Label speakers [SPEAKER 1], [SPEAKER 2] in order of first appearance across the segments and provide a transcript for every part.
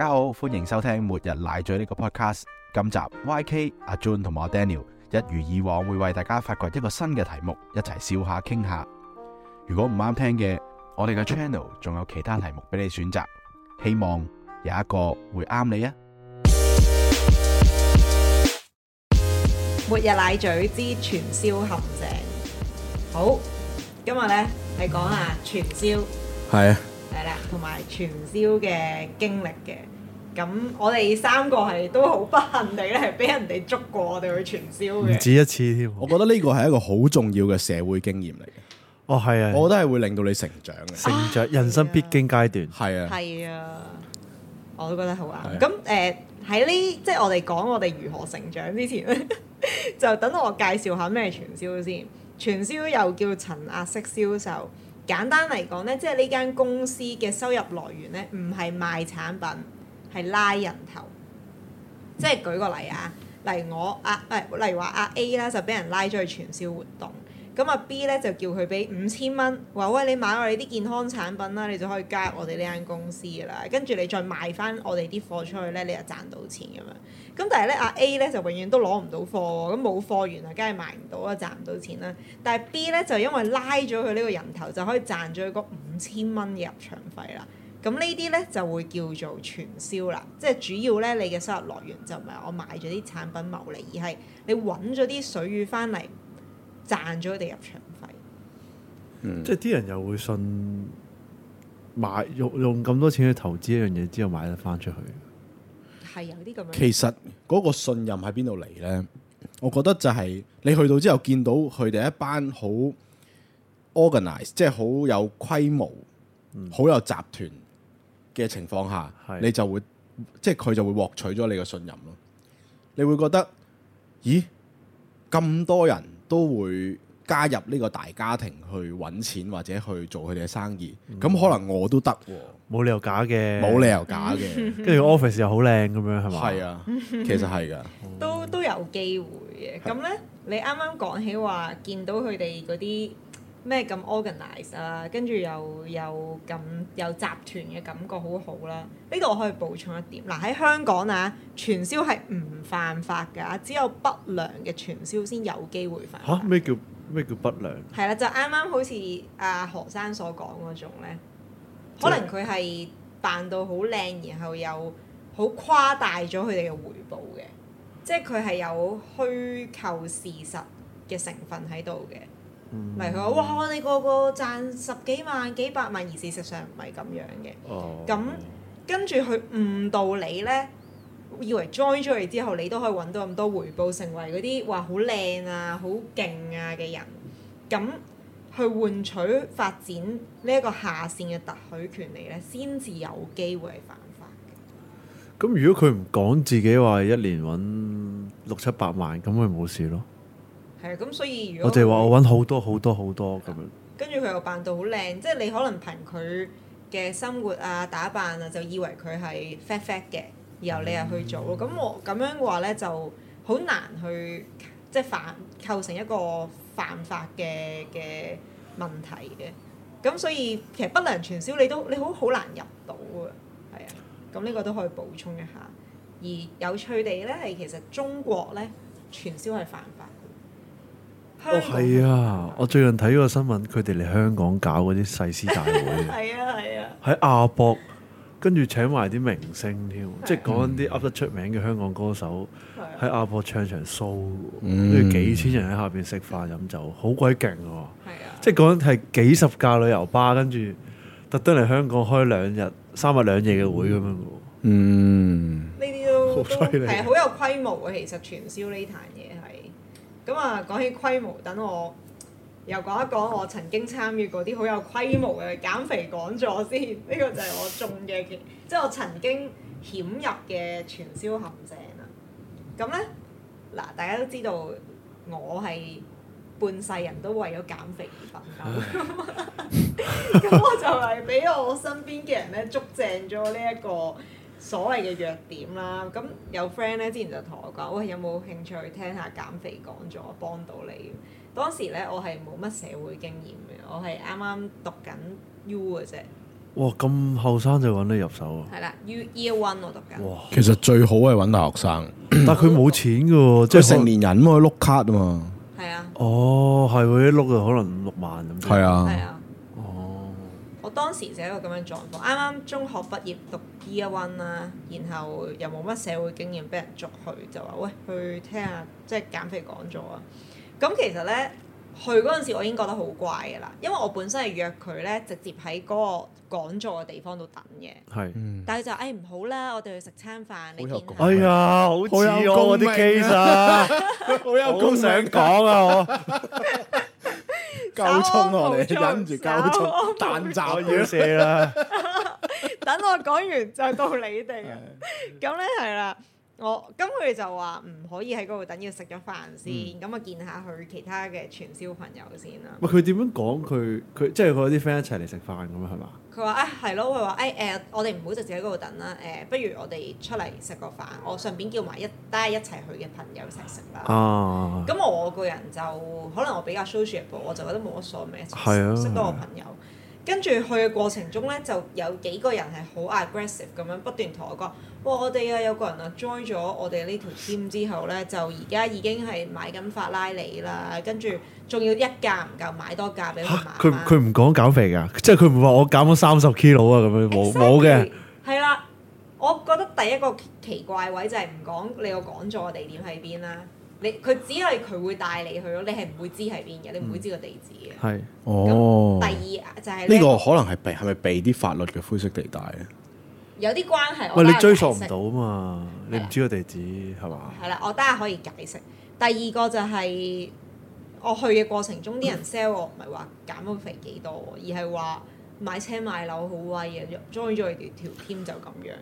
[SPEAKER 1] 大家好，歡迎收聽《末日奶嘴》呢個 podcast。今集 YK 阿 John 同我 Daniel 一如以往會為大家發掘一個新嘅題目，一齊笑下、傾下。如果唔啱聽嘅，我哋嘅 channel 仲有其他題目俾你選擇，希望有一個會啱你啊！
[SPEAKER 2] 《末日奶嘴》之傳銷陷阱。好，今日呢，係講下傳銷，係啊，係啦，同埋傳銷嘅經歷嘅。咁我哋三個係都好不幸地咧，係俾人哋捉過我哋去傳銷嘅，唔止
[SPEAKER 1] 一次添。 我覺得呢個係一個好重要嘅社會經驗嚟嘅。哦，係啊，我都係會令到你成長嘅。成長，啊、人生必經階段。係啊的，係啊
[SPEAKER 2] 的，我都覺得好啱。咁誒喺呢即係我哋講我哋如何成長之前咧， 就等我介紹下咩係傳銷先。傳銷又叫層壓式銷售。簡單嚟講咧，即係呢間公司嘅收入來源咧，唔係賣產品。係拉人頭，即係舉個例啊，例如我啊，唔係例如話阿 A 啦，就俾人拉咗去傳銷活動，咁阿 B 咧就叫佢俾五千蚊，話喂你買我哋啲健康產品啦，你就可以加入我哋呢間公司噶啦，跟住你再賣翻我哋啲貨出去咧，你又賺到錢咁樣。咁但係咧阿 A 咧就永遠都攞唔到貨喎，咁冇貨源啊，梗係賣唔到啊，賺唔到錢啦。但係 B 咧就因為拉咗佢呢個人頭，就可以賺咗佢嗰五千蚊嘅入場費啦。咁呢啲呢，就會叫做傳銷啦，即係主要呢，你嘅收入來源就唔係我買咗啲產品牟利，而係你揾咗啲水魚翻嚟賺咗佢哋入場費。
[SPEAKER 3] 嗯、即係啲人又會信買用用咁多錢去投資一樣嘢之後買得翻出去，
[SPEAKER 2] 係有啲咁樣。其實
[SPEAKER 1] 嗰個信任喺邊度嚟呢？我覺得就係你去到之後見到佢哋一班好 organized，即係好有規模、嗯、好有集團。嘅情況下，是的 你就會即係佢就會獲取咗你嘅信任咯。你會覺得，咦，咁多人都會加入呢個大家庭去揾錢或者去做佢哋嘅生意，咁、嗯、可能我都得喎。冇理由假嘅，冇理由假嘅。
[SPEAKER 2] 跟住
[SPEAKER 3] office 又好靚咁樣，係嘛？
[SPEAKER 1] 係啊，
[SPEAKER 2] 其實係㗎，都都有機會嘅。咁呢，的你啱啱講起話，見到佢哋嗰啲，咩咁 organized 啊？跟住又有咁有集團嘅感覺好、啊，好好啦。呢度我可以補充一點。嗱喺香港啊，傳銷係唔犯法㗎，只有不良嘅傳銷先有機會犯法。
[SPEAKER 3] 嚇咩叫咩叫不良？
[SPEAKER 2] 係啦，就啱啱好似阿何生所講嗰種咧，就是、可能佢係扮到好靚，然後又好誇大咗佢哋嘅回報嘅，即係佢係有虛構事實嘅成分喺度嘅。咪佢話：哇！你個個賺十幾萬幾百萬，而事實上唔係咁樣嘅。咁、哦、跟住佢誤導你呢，以為 join 咗嚟之後，你都可以揾到咁多回報，成為嗰啲話好靚啊、好勁啊嘅人。咁去換取發展呢一個下線嘅特許權利呢，先至有機會係犯法嘅。
[SPEAKER 3] 咁如果佢唔講自己話一年揾六七百萬，咁咪冇事咯？
[SPEAKER 2] 係啊，咁所以如果我哋話我
[SPEAKER 3] 揾好多好多好多咁、啊、樣，
[SPEAKER 2] 跟住佢又扮到好靚，即係、啊、你可能憑佢嘅生活啊、打扮啊，就以為佢係 fat fat 嘅，然後你又去做，咁、嗯、我咁樣嘅話咧就好難去即係犯構成一個犯法嘅嘅問題嘅。咁所以其實不良傳銷你都你好好難入到啊，係啊，咁呢個都可以補充一下。而有趣地咧係其實中國咧傳銷係犯法。哦，係啊！
[SPEAKER 3] 我最近睇嗰個新聞，佢哋嚟香港搞嗰啲誓師大會啊！係啊，係啊！喺亞博跟住請埋啲明星添，即係講啲噏得出名嘅香港歌手喺亞博唱場 show，跟住幾千人喺下邊食飯飲酒，好鬼勁喎！啊！即係講緊係幾十架旅遊巴跟住特登嚟香港開兩日三日兩夜嘅會咁樣。嗯，呢啲
[SPEAKER 2] 都好犀利，係好有規模嘅，其實傳銷呢壇嘢。咁啊，講起規模，等我又講一講我曾經參與過啲好有規模嘅減肥講座先。呢個就係我中嘅極， 即係我曾經陷入嘅傳銷陷阱啊。咁咧，嗱，大家都知道我係半世人都為咗減肥而奮鬥，咁 我就係俾我身邊嘅人咧捉正咗呢一個。所謂嘅弱點啦，咁有 friend 咧之前就同我講，喂有冇興趣聽，聽下減肥講座幫到你？當時咧我係冇乜社會經驗，我係啱啱讀緊 U 嘅啫。
[SPEAKER 3] 哇！咁後生就揾你入手
[SPEAKER 2] 啊？係啦，U year one 我讀緊。哇 ！
[SPEAKER 1] 其實最好係揾大學生， 但係佢冇錢嘅喎，即係成年人嘛，碌卡
[SPEAKER 3] 啊嘛。係 啊。哦，係喎，一碌就可能五六萬咁。係 啊。
[SPEAKER 2] 當時就係一個咁樣狀況，啱啱中學畢業讀 Year One 啦，然後又冇乜社會經驗，俾人捉去就話：喂，去聽下即係減肥講座啊！咁其實咧，去嗰陣時我已經覺得好怪嘅啦，因為我本身係約佢咧，直接喺嗰個講座嘅地方度等嘅。係是。嗯、但係就誒唔好啦，我哋去食餐飯。你
[SPEAKER 3] 見哎呀，好似、啊、 我啲 case，、啊、 好有功想講啊我。
[SPEAKER 2] 溝通，我哋
[SPEAKER 1] 忍唔住溝通，彈炸住先啦。
[SPEAKER 2] 等我講完就到你哋啊。咁咧係啦。 嗯 嗯我咁佢就話唔可以喺嗰度等，要食咗飯先，咁啊、嗯、見下佢其他嘅傳銷朋友先啦。
[SPEAKER 3] 佢點樣講？佢佢即係佢啲 friend 一齊嚟食飯咁啊？係嘛？
[SPEAKER 2] 佢話啊係咯，佢話誒誒，我哋唔好直接喺嗰度等啦，誒、呃，不如我哋出嚟食個飯，我順便叫埋一帶一齊去嘅朋友一齊食啦。啊！咁我個人就可能我比較 social 嘅，我就覺得冇乜所謂，一齊識多個朋友。跟住去嘅過程中咧，就有幾個人係好 aggressive 咁樣不斷同我講：哇！我哋啊有個人啊 join 咗我哋呢條 team 之後咧，就而家已經係買緊法拉利啦。跟住仲要一架唔夠買多架俾佢，佢
[SPEAKER 3] 唔講減肥㗎，即係佢唔話我減咗三十 kilo 啊咁樣，冇冇嘅。
[SPEAKER 2] 係啦 Exactly.，我覺得第一個奇怪位就係唔講你個講座嘅地點喺邊啦。你佢只係佢會帶你去咯，你係唔會知係邊嘅，你唔會知個地址嘅。
[SPEAKER 3] 係、嗯，
[SPEAKER 2] 哦。第二就係呢個可
[SPEAKER 1] 能係避係咪避啲法律嘅灰色地帶咧？
[SPEAKER 2] 有啲關係，唔喂你追索唔到
[SPEAKER 3] 啊嘛，你唔知個地址係嘛？係
[SPEAKER 2] 啦、啊吧嗯啊，我等下可以解釋。第二個就係、是、我去嘅過程中，啲人 sell 我唔係話減到肥幾多，嗯、而係話買車買樓好威啊，join 咗條條添就咁樣。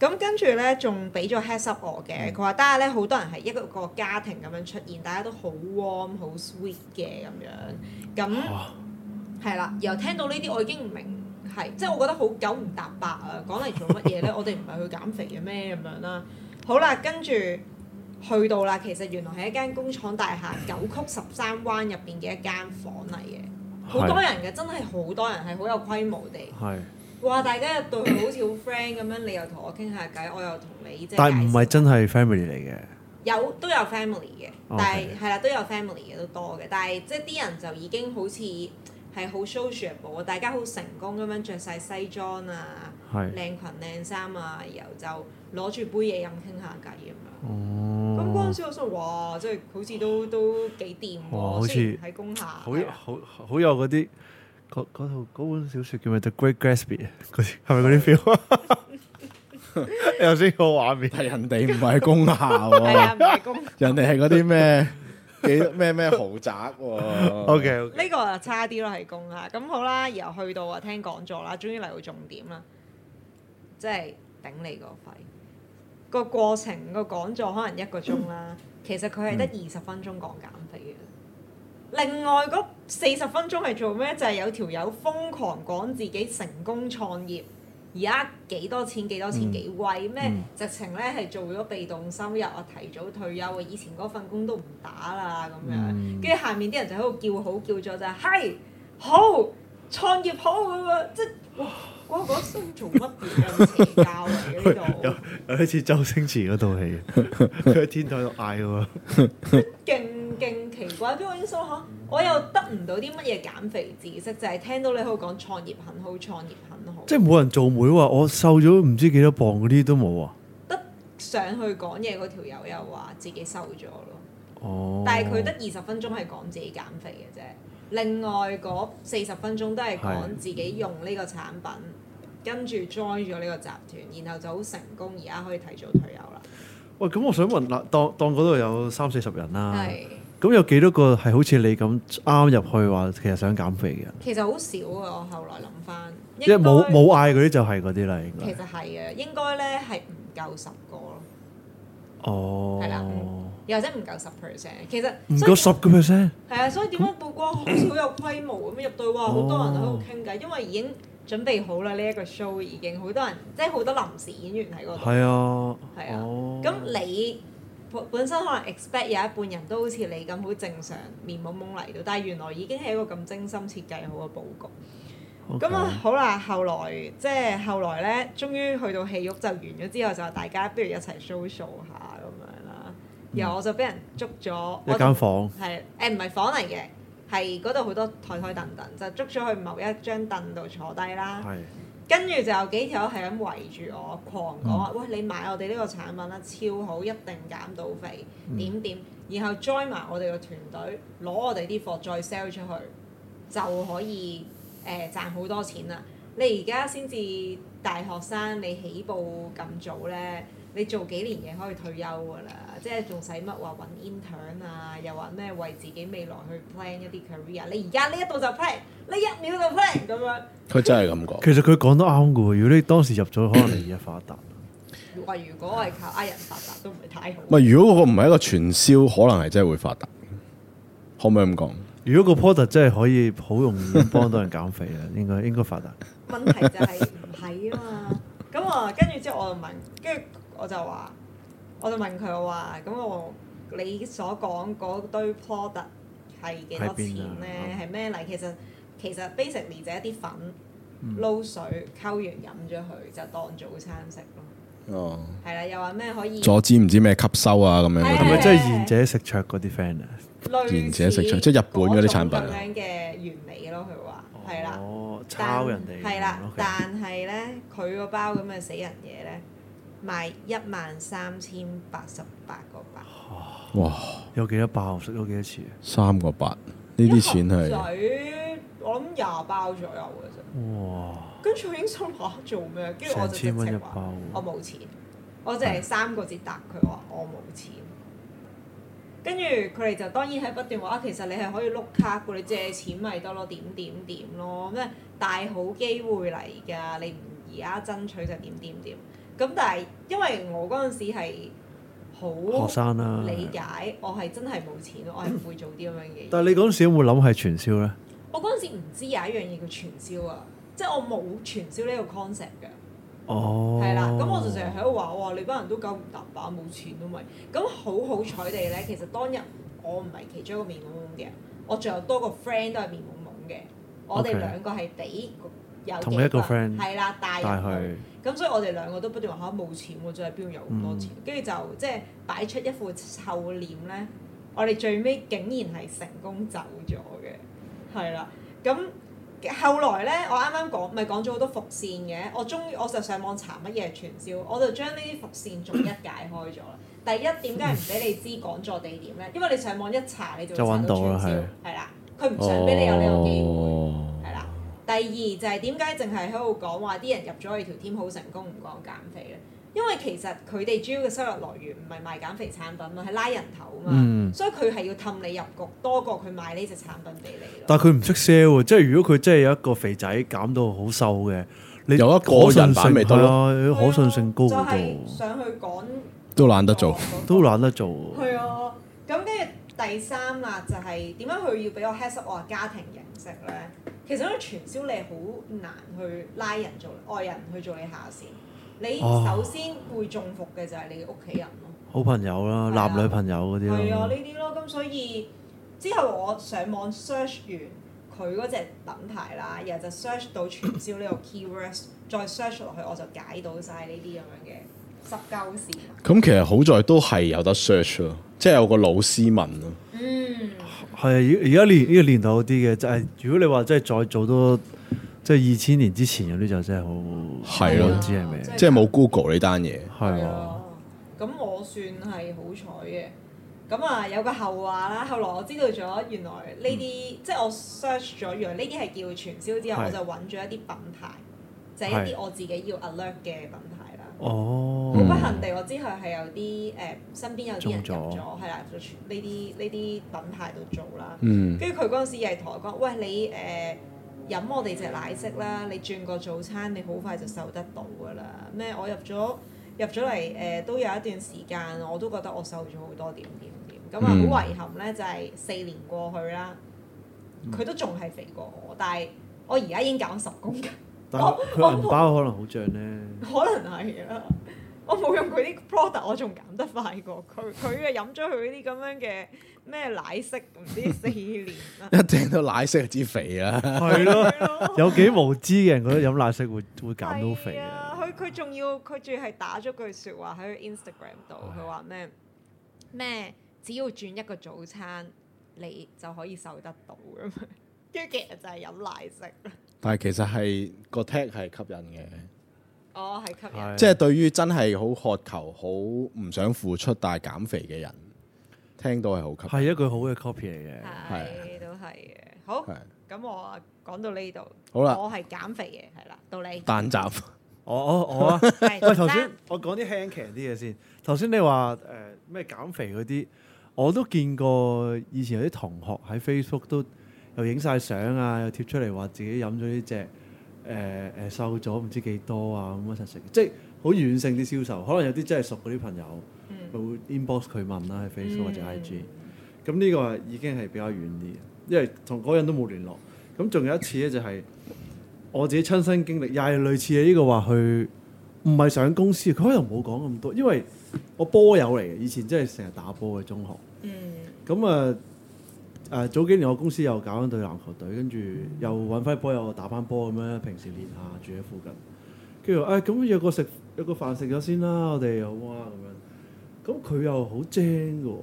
[SPEAKER 2] 咁跟住呢，仲俾咗 heads up 我嘅，佢話，但係呢，好多人係一個個家庭咁樣出現，大家都好 warm、好 sweet 嘅咁樣。咁係啦，然後、 嗯、聽到呢啲，我已經唔明，係即係我覺得好九唔搭八啊！講嚟做乜嘢呢？ 我哋唔係去減肥嘅咩？咁樣啦。好啦，跟住去到啦，其實原來係一間工廠大廈九 曲十三灣入邊嘅一間房嚟嘅，好多人嘅，真係好多人係好有規模地。 是的哇！大家又對佢好似好 friend 咁樣，你又同我傾下偈，我又同你即係。但係唔
[SPEAKER 3] 係真係 family 嚟嘅。
[SPEAKER 2] 有都有 family 嘅，但係係啦，都有 family 嘅都多嘅，但係即係啲人就已經好似係好 social 嘅，大家好成功咁樣着晒西裝啊，靚裙靚衫啊，然後就攞住杯嘢飲傾下偈咁樣。哦。咁嗰陣時我覺得哇，即係好似都都幾掂喎，好似喺工廈，好有
[SPEAKER 3] 好有嗰啲。嗰套嗰本小説叫咩？The Great Gatsby Gr r 啊，啲係咪嗰啲 feel 啊？頭先
[SPEAKER 1] 個畫面係人哋唔係喺工廈，係啊，
[SPEAKER 3] 人哋係嗰啲咩
[SPEAKER 1] 幾咩咩豪宅喎？OK OK，
[SPEAKER 2] 呢個就差啲咯，係工廈咁好啦。然後去到啊，聽講座啦，終於嚟到重點啦，即係頂你個肺。個過程個講座可能一個鐘啦，嗯、其實佢係得二十分鐘講減肥嘅。嗯另外嗰四十分鐘係做咩？就係、是、有條友瘋狂講自己成功創業，而家幾多錢幾多錢幾威咩？嗯、直情咧係做咗被動收入啊，提早退休啊，以前嗰份工都唔打啦咁樣。跟住、嗯、下面啲人就喺度叫好叫咗就係：係好創業好咁樣，即係哇！我講新做乜嘢 啊？邪教
[SPEAKER 3] 嚟呢度，好似 周星馳嗰套戲，佢 喺天台度嗌嘅喎，
[SPEAKER 2] 勁 勁奇！話邊個因素嚇？我又得唔到啲乜嘢減肥知識，就係聽到你喺度講創業很好，創業很
[SPEAKER 3] 好。即係冇人做媒話，我瘦咗唔知幾多磅嗰啲都冇啊！得
[SPEAKER 2] 上去講嘢嗰條友又話自己瘦咗咯。哦。但係佢得二十分鐘係講自己減肥嘅啫，另外嗰四十分鐘都係講自己用呢個產品，係。跟住 join 咗呢個集團，然後就好成功，而家可以提早退休啦。
[SPEAKER 3] 喂，咁我想問嗱，當當嗰度有三四十人啦。係。咁有幾多個係好似你咁啱入去話其實想減肥嘅？
[SPEAKER 2] 其實好少啊！我後來諗翻，因為冇冇
[SPEAKER 3] 嗌嗰啲就係嗰啲啦。其
[SPEAKER 2] 實係啊，應該咧係唔夠十個咯。
[SPEAKER 3] 哦，係啦，又
[SPEAKER 2] 或者唔夠十 percent。其
[SPEAKER 3] 實唔夠十個 percent。
[SPEAKER 2] 係啊，所以點樣曝光好似好有規模咁入到？哇！好多人喺度傾偈，因為已經準備好啦。呢一個 show 已經好多人，即係好多臨時演員喺嗰
[SPEAKER 3] 度。係啊，係啊。咁你？
[SPEAKER 2] 本身可能 expect 有一半人都好似你咁，好正常面懵懵嚟到，但係原來已經係一個咁精心設計好嘅佈局。
[SPEAKER 3] 咁啊 Okay.，
[SPEAKER 2] 好啦，後來即係後來咧，終於去到戲肉就完咗之後，就大家不如一齊 social 下咁樣啦。然後我就俾人捉咗、嗯、的一間房間，係誒唔係房嚟嘅，係嗰度好多台台凳凳，就捉咗去某一張凳度坐低啦。跟住就有幾條友係咁圍住我，狂講：嗯、喂，你買我哋呢個產品啦，超好，一定減到肥，嗯、點點。然後 join 埋我哋個團隊，攞我哋啲貨再 sell 出去，就可以誒賺好多錢啦。你而家先至大學生，你起步咁早咧？你做幾年嘢可以退休㗎啦，即係仲使乜話揾 intern 啊？又話咩為自己未來去 plan 一啲 career？你而家呢一度就 plan，你一秒就 plan 咁
[SPEAKER 3] 樣。佢真係咁講。其實佢講得啱嘅，如果你當時入咗，可能你而家發,發達。話
[SPEAKER 2] 如果係靠呃人發達都唔
[SPEAKER 3] 係太好。唔係如果嗰個唔係一個傳銷，可能係真係會發達。可唔 可以咁講？如果個 product 真係可以好容易幫到人減肥啊， 應該應該發達。問題
[SPEAKER 2] 就係唔係啊嘛，咁啊跟住之後我就問，跟住。我就話，我就問佢我話，咁我你所講嗰堆 product 係幾多錢咧？係咩嚟？其實其實 basically 就一啲粉撈水溝完飲咗佢就當早餐食咯。哦，係啦，又話咩可以阻
[SPEAKER 1] 止唔知咩吸收啊？咁樣咁樣即係賢者食卓嗰啲 friend 啊，賢者食卓即係日本嗰啲產品。咁樣
[SPEAKER 2] 嘅原理咯，佢話係啦。抄人哋係啦，但係咧佢個包咁嘅死人嘢咧。賣一萬三千八十八個八。
[SPEAKER 3] 哇！有幾多包？食咗幾多次？三個八。呢啲錢係，水，
[SPEAKER 2] 我諗廿包左右嘅啫。哇！跟住我應該攞做咩？跟住我就千蚊一包？我冇錢，我淨係三個字答佢話我冇錢。跟住佢哋就當然係不斷話啊，其實你係可以碌卡嘅，你借錢咪得咯，點點點咯，咩大好機會嚟㗎！你唔而家爭取就點點點。咁但係，因為我嗰陣時係好學生啦，理解，我係真係冇錢，我係唔會做啲咁樣嘅嘢。但係你
[SPEAKER 3] 嗰陣時有冇諗係傳銷咧？
[SPEAKER 2] 我嗰陣時唔知有一樣嘢叫傳銷啊，即係我冇傳銷呢個 concept
[SPEAKER 3] 嘅、哦。哦，係啦，咁我就成日喺
[SPEAKER 2] 度話：你班人都夠唔搭把，冇錢都咪。咁好好彩地咧，其實當日我唔係其中一個面懵懵嘅，我仲有多個 friend 都係面懵懵嘅，我哋兩個係俾。嗯嗯同一個 friend 係啦，帶佢，咁所以我哋兩個都不斷話吓冇錢喎，就係邊度有咁多錢？跟住、嗯、就即係擺出一副臭臉咧。我哋最尾竟然係成功走咗嘅，係啦。咁後來咧，我啱啱講咪講咗好多伏線嘅。我終於我就上網查乜嘢係傳銷，我就將呢啲伏線逐一解開咗啦。 第一點解係唔俾你知講座地點咧？因為你上網一查你就會查就揾到啦，係啦，佢唔想俾你有呢個機會。Oh. 第二就係點解淨係喺度講話啲人入咗去條 team 好成功，唔講減肥咧？因為其實佢哋主要嘅收入來源唔係賣減肥產品啊，係拉人頭啊嘛。嗯、所以佢係要氹你入局，多過佢賣呢隻產品俾
[SPEAKER 3] 你。但係佢唔識 sale 喎，即係如果佢真係有一個肥仔減到好瘦嘅，你有一個人辦咪得囉，對可信性高好多。
[SPEAKER 2] 上去講
[SPEAKER 3] 都懶得做，那個、都懶得做。係
[SPEAKER 2] 啊，咁跟住第三啊，就係點解佢要俾我 help 我家庭形式咧？其實嗰個傳銷你好難去拉人做外人去做你下線，你首先會中伏嘅就係你嘅屋企人咯，
[SPEAKER 3] 好朋友啦，男女朋友嗰啲啦，係啊
[SPEAKER 2] 呢啲、啊、咯。咁所以之後我上網 search 完佢嗰隻品牌啦，然後就 search 到傳銷呢個 keywords，再 search 落去我就解到晒呢啲咁樣嘅濕鳩事。
[SPEAKER 3] 咁其實好在都係有得 search 咯，即係有個老師問咯。嗯。係啊，而家年呢個年代好啲嘅，就係、是、如果你話即係再早多，即係二千年之前嗰啲就真係好
[SPEAKER 1] 係咯，的唔知係咩，即係冇 Google 呢單嘢係啊。
[SPEAKER 2] 咁我算係好彩嘅。咁啊有個後話啦。後來我知道咗原來呢啲、嗯、即係我 search 咗原來呢啲係叫傳銷之後的我就揾咗一啲品牌，就係、是、一啲我自己要 alert 嘅品牌。
[SPEAKER 3] 哦，好、oh, 不幸地，
[SPEAKER 2] 我之後係有啲誒、呃、身邊有啲人入咗，係啦了，入咗呢啲呢啲品牌度做啦。跟住佢嗰陣時又係同我講，喂，你誒飲我哋隻奶昔啦，你轉、呃、個早餐，你好快就瘦得到㗎啦。咩、呃？我入咗入咗嚟誒，都有一段時間，我都覺得我瘦咗好多點點點。咁啊，好遺、mm. 憾咧，就係、是、四年過去啦，佢都仲係肥過我，但係我而家已經減十公斤。
[SPEAKER 3] 但佢銀包可能好脹咧，
[SPEAKER 2] 可能係啊！我冇用佢啲 product，我仲減得快過佢。佢啊飲咗佢啲咁樣嘅咩奶昔，唔知四年啦。 一
[SPEAKER 3] 聽到奶昔就知肥啊！係咯的， 有幾無知嘅人覺得飲奶昔會會減到肥啊！
[SPEAKER 2] 佢佢仲要佢仲要係打咗句説話喺佢 Instagram 度，佢話咩咩只要轉一個早餐，你就可以瘦得到咁。 跟住其實就係飲奶食，
[SPEAKER 1] 但係其實係個 tag 係吸引嘅，哦係吸引，是即係對於真係好渴求、好唔想付出但係減肥嘅人，聽到係好吸引，係一句好嘅 copy
[SPEAKER 3] 嚟嘅，係
[SPEAKER 2] 都係嘅。好，咁的我講到呢度，好啦，我係減肥嘅，係啦，到你蛋雜，
[SPEAKER 3] 站 我我我啊， 喂頭先我講啲輕騎啲嘢先，頭先你話誒咩減肥嗰啲，我都見過以前有啲同學喺 Facebook 都，都又影晒相啊，又貼出嚟話自己飲咗呢隻，誒誒瘦咗唔知幾多啊咁一齊食，即係好軟性啲銷售，可能有啲真係熟嗰啲朋友，佢、嗯、會 inbox 佢問啦、啊、喺 Facebook 或者 IG、嗯。咁呢個已經係比較遠啲，因為同嗰人都冇聯絡。咁仲有一次咧，就係我自己親身經歷，又係類似嘅呢個話去，唔係上公司，佢可能冇講咁多，因為我波友嚟嘅，以前真係成日打波嘅中學。嗯。咁啊。嗯誒、呃、早幾年我公司又搞緊隊籃球隊，跟住又揾翻波友打翻波咁樣，平時練下住喺附近。跟住誒咁約個食，約個飯食咗先啦，我哋好啊咁樣。咁佢又好精嘅喎。佢、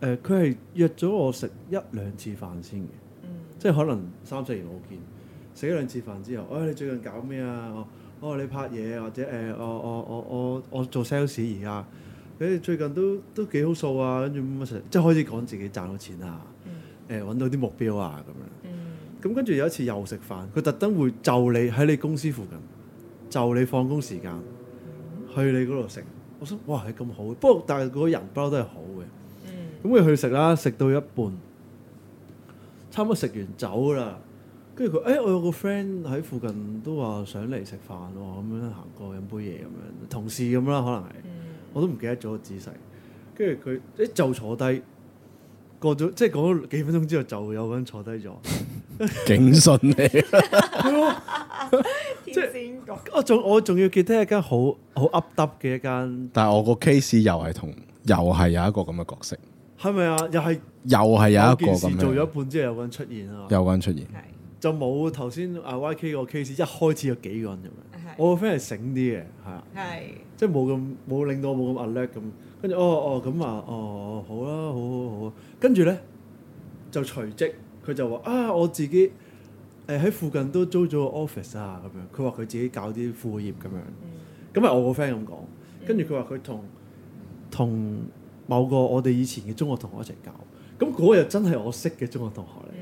[SPEAKER 3] 呃、係約咗我食一兩次飯先嘅，嗯、即係可能三四年冇見。食一兩次飯之後，誒、哎、你最近搞咩啊、哦呃？我話你拍嘢或者誒我我我我我，我做 sales 而家。佢最近都都幾好數啊，跟住乜嘢即係開始講自己賺到錢啊，誒揾、嗯欸、到啲目標啊咁樣。咁、嗯、跟住有一次又食飯，佢特登會就你喺你公司附近，就你放工時間、嗯、去你嗰度食。我想哇係咁好，不過但係嗰個人不嬲都係好嘅。咁我、嗯、去食啦，食到一半，差唔多食完走啦。跟住佢誒，我有個 friend 喺附近都話想嚟食飯喎，咁樣行過飲杯嘢咁樣，同事咁啦可能係。我都唔記得咗個姿勢，跟住佢一就坐低，過咗即係講咗幾分鐘之後，就有個人坐低咗。警訊你，即係我仲我仲要記得一間好好噏噏嘅一間。
[SPEAKER 1] 但係我個 case 又係同又係有一個咁嘅角色。
[SPEAKER 3] 係咪啊？又係又係有一個咁樣做咗一半之後有個人出現啊！有個人出現，就冇頭先阿 YK 個 case 一開始有幾個人咁樣。我個 friend 係醒啲嘅，係啊。即係冇咁冇令到我冇咁 alert 咁，跟住哦哦咁啊哦好啦好好好，跟住咧就隨即佢就話啊我自己誒喺、呃、附近都租咗個 office 啊咁樣，佢話佢自己搞啲副業咁樣，咁係我個 friend 咁講，跟住佢話佢同同某個我哋以前嘅中學同學一齊搞，咁嗰日真係我識嘅中學同學嚟，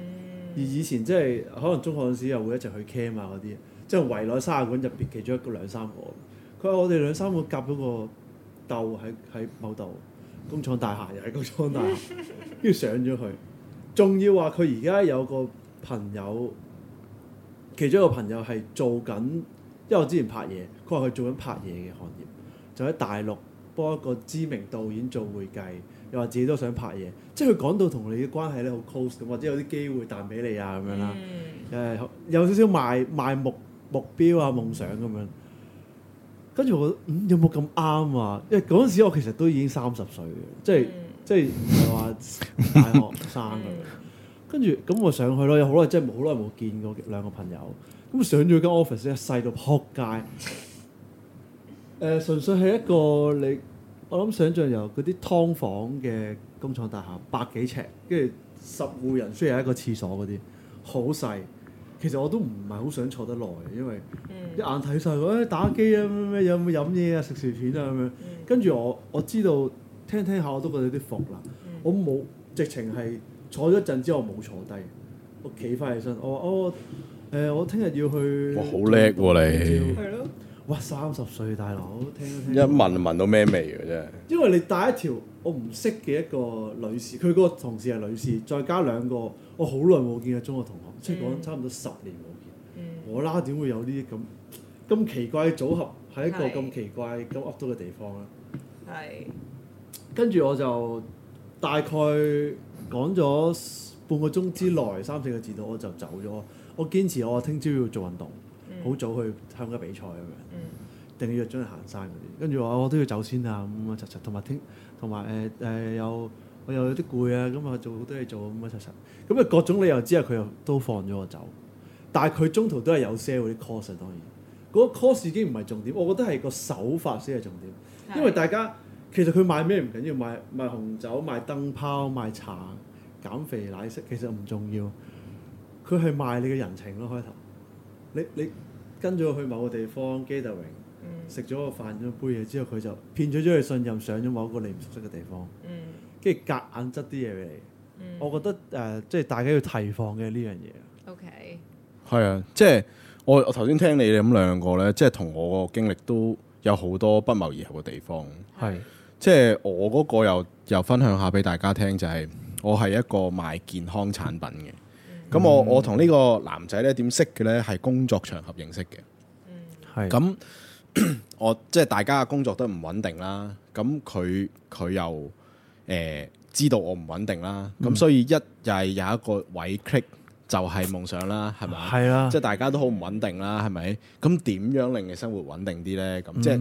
[SPEAKER 3] 而以前即、就、係、是、可能中學嗰陣時又會一齊去 camp 啊嗰啲，即係圍內三亞館入邊其中一個兩三個。佢話：我哋兩三個夾咗個鬥喺喺某度工廠大廈又喺工廠大廈，跟住 上咗去，仲要話佢而家有個朋友，其中一個朋友係做緊，因為我之前拍嘢，佢話佢做緊拍嘢嘅行業，就喺大陸幫一個知名導演做會計，又話自己都想拍嘢，即係佢講到同你嘅關係咧好 close 或者有啲機會彈俾你啊咁樣啦，誒、嗯、有少少賣賣目目標啊夢想咁樣。跟住我覺得，嗯，有冇咁啱啊？因為嗰陣時我其實都已經三十歲嘅，即係 即係唔係話大學生。跟住咁我上去咯，有好耐，即係冇好耐冇見過兩個朋友。咁上咗間 office 咧，細到撲街。誒、 呃，純粹係一個你，我諗想，想像由嗰啲劏房嘅工廠大廈，百幾尺，跟住十戶人 share 一個廁所嗰啲，好細。其實我都唔係好想坐得耐，因為一眼睇晒，誒、欸、打機啊，咩有冇飲嘢啊，食薯片啊咁樣。跟住、嗯、我我知道聽聽下我都覺得有啲煩啦。我冇直情係坐咗一陣之後冇坐低，我企翻起身，我話哦誒、呃，我聽日要去。哇！好叻喎你，係咯、嗯？哇！三十歲大佬，聽
[SPEAKER 1] 一聽一聞就聞到咩味嘅啫。
[SPEAKER 3] 因為你帶一條我唔識嘅一個女士，佢個同事係女士，再加兩個。我好耐冇見過中學同學，即係講差唔多十年冇見。嗯、我啦點會有啲咁咁奇怪嘅組合，喺一個咁奇怪咁惡毒嘅地方咧。
[SPEAKER 2] 係是。
[SPEAKER 3] 跟住我就大概講咗半個鐘之內、嗯、三、四個字到，我就走咗。我堅持我聽朝要做運動，好、嗯、早去參加比賽咁樣，嗯、定約咗去行山嗰啲。跟住話我都要先走先啊！咁、嗯、啊，實實同埋聽同埋誒誒有。我又有啲攰啊，咁啊做好多嘢做咁鬼柒柒，咁啊各種理由之後佢又都放咗我走，但係佢中途都係有 sell 啲 course 啊，當然嗰個 course 已經唔係重點，我覺得係個手法先係重點，因為大家其實佢賣咩唔緊要，賣賣紅酒、賣燈泡、賣茶、減肥奶昔其實唔重要，佢係賣你嘅人情咯開頭，你你跟咗我去某個地方，gathering 食咗個飯、咗杯嘢之後，佢就騙取咗你信任，上咗某一個你唔熟悉嘅地方。嗯跟住夾硬塞啲嘢俾你，嗯、我覺得誒，即、呃、係、就是、大家要提防嘅呢樣嘢。O
[SPEAKER 2] K。
[SPEAKER 1] 係啊，即、就、係、是、我我頭先聽你哋咁兩個咧，即係同我個經歷都有好多不謀而合嘅地方。係是，即係我嗰個又又分享下俾大家聽，就係、是、我係一個賣健康產品嘅。
[SPEAKER 2] 咁、嗯、我我同呢
[SPEAKER 1] 個男仔咧點識嘅咧？係工作場合認識嘅。嗯，係是。咁我即係、就是、大家嘅工作都唔穩定啦。咁佢佢又～誒，知道我唔穩定啦，咁所以一又係有一個位 click 就係夢想啦，係咪？係啦，即係大家都好唔穩定啦，係咪？咁點樣令你生活穩定啲呢？咁、嗯、即係